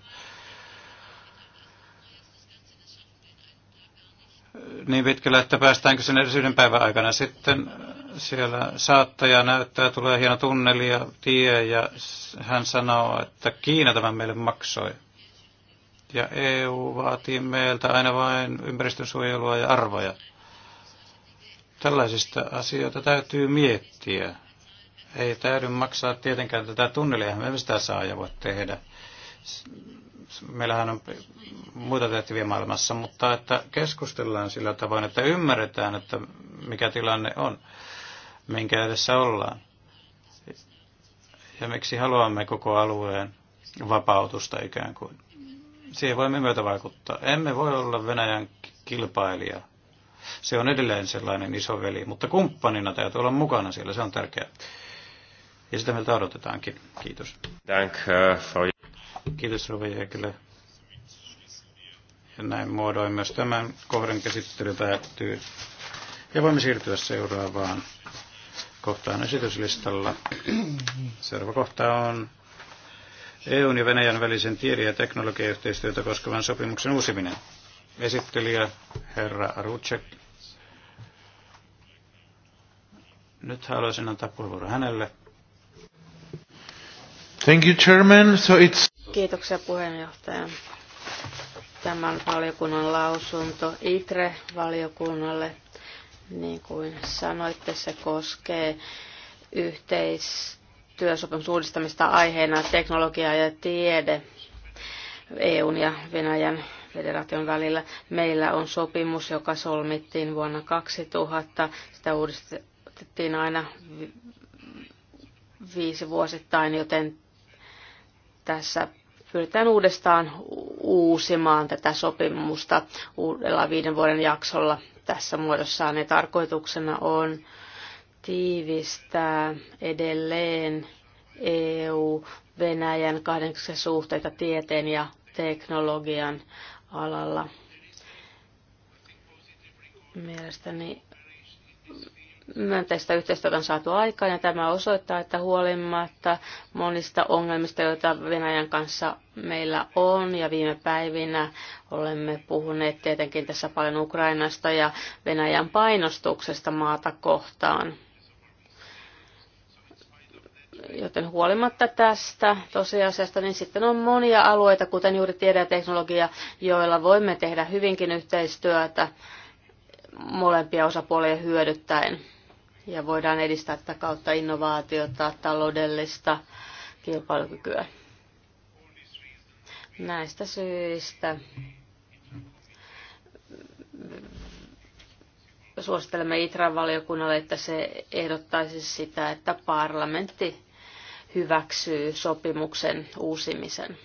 niin pitkällä, että päästäänkö sen edes yhden päivän aikana. Sitten siellä saattaja näyttää, tulee hieno tunneli ja tie, ja hän sanoo, että Kiina tämän meille maksoi. Ja EU vaatii meiltä aina vain ympäristönsuojelua ja arvoja. Tällaisista asioita täytyy miettiä. Ei täydy maksaa tietenkään tätä tunnelia, me sitä saa ja voi tehdä meillähän on muita tehtäviä maailmassa, mutta että keskustellaan sillä tavoin, että ymmärretään, että mikä tilanne on, minkä edessä ollaan. Ja miksi haluamme koko alueen vapautusta ikään kuin. Siihen voimme myötä vaikuttaa. Emme voi olla Venäjän kilpailija. Se on edelleen sellainen iso veli, mutta kumppanina täytyy olla mukana siellä, se on tärkeää. Ja sitä meiltä odotetaankin. Kiitos. Thank for eh, Kiitos Rova Jäkelä. Ja näin muodoin myös tämän kohdan käsittely päättyy. Ja voimme siirtyä seuraavaan kohtaan esityslistalla. Seuraava kohta on EUn ja Venäjän välisen tiede- ja teknologiayhteistyötä koskevan sopimuksen uusiminen. Esittelijä herra Arucek. Nyt haluaisin antaa puheenvuoron hänelle. Thank you, Chairman. So it's... Kiitoksia puheenjohtaja. Tämän valiokunnan lausunto ITRE-valiokunnalle, niin kuin sanoitte, se koskee yhteistyösopimus uudistamista aiheena teknologia ja tiede EUn ja Venäjän federaation välillä. Meillä on sopimus, joka solmittiin vuonna 2000. Sitä uudistettiin aina viisi vuosittain, joten tässä pyritään uudestaan uusimaan tätä sopimusta uudella viiden vuoden jaksolla tässä muodossaan. Ja tarkoituksena on tiivistää edelleen EU-Venäjän kahdeksan suhteita tieteen ja teknologian alalla. Mielestäni myönteistä yhteistyötä on saatu aikaan ja tämä osoittaa, että huolimatta monista ongelmista, joita Venäjän kanssa meillä on ja viime päivinä olemme puhuneet tietenkin tässä paljon Ukrainasta ja Venäjän painostuksesta maata kohtaan. Joten huolimatta tästä tosiasiasta, niin sitten on monia alueita, kuten juuri tiede ja teknologia, joilla voimme tehdä hyvinkin yhteistyötä molempia osapuolia hyödyttäen ja voidaan edistää tätä kautta innovaatiota, taloudellista kilpailukykyä. Näistä syistä suosittelemme Itran valiokunnalle, että se ehdottaisi sitä, että parlamentti hyväksyy sopimuksen uusimisen.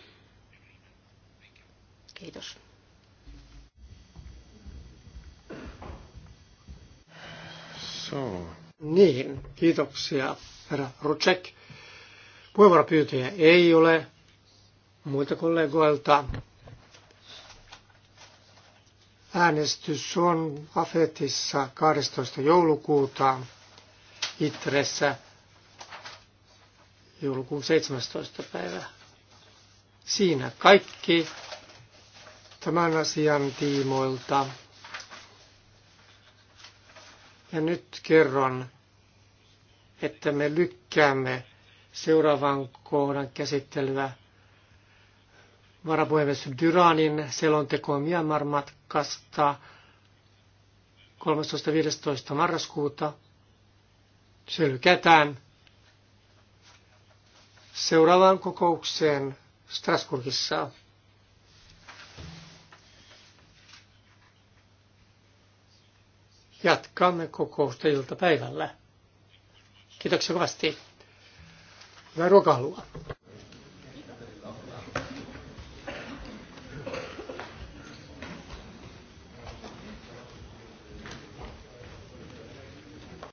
Kiitos. So. Niin, kiitoksia herra Rutsek. Puheenvuoropyyntöjä ei ole muilta kollegoilta. Äänestys on Afetissa 12. joulukuuta Itressä joulukuun 17. päivä. Siinä kaikki tämän asian tiimoilta. Ja nyt kerron, että me lykkäämme seuraavan kohdan käsittelyä varapuhemies Dyranin selonteko Myanmar-matkasta 13.15. marraskuuta. Se lykätään seuraavaan kokoukseen Strasbourgissa. Jatkamme kokousta iltapäivällä. Kiitoksia kovasti. Hyvää ruokahalua.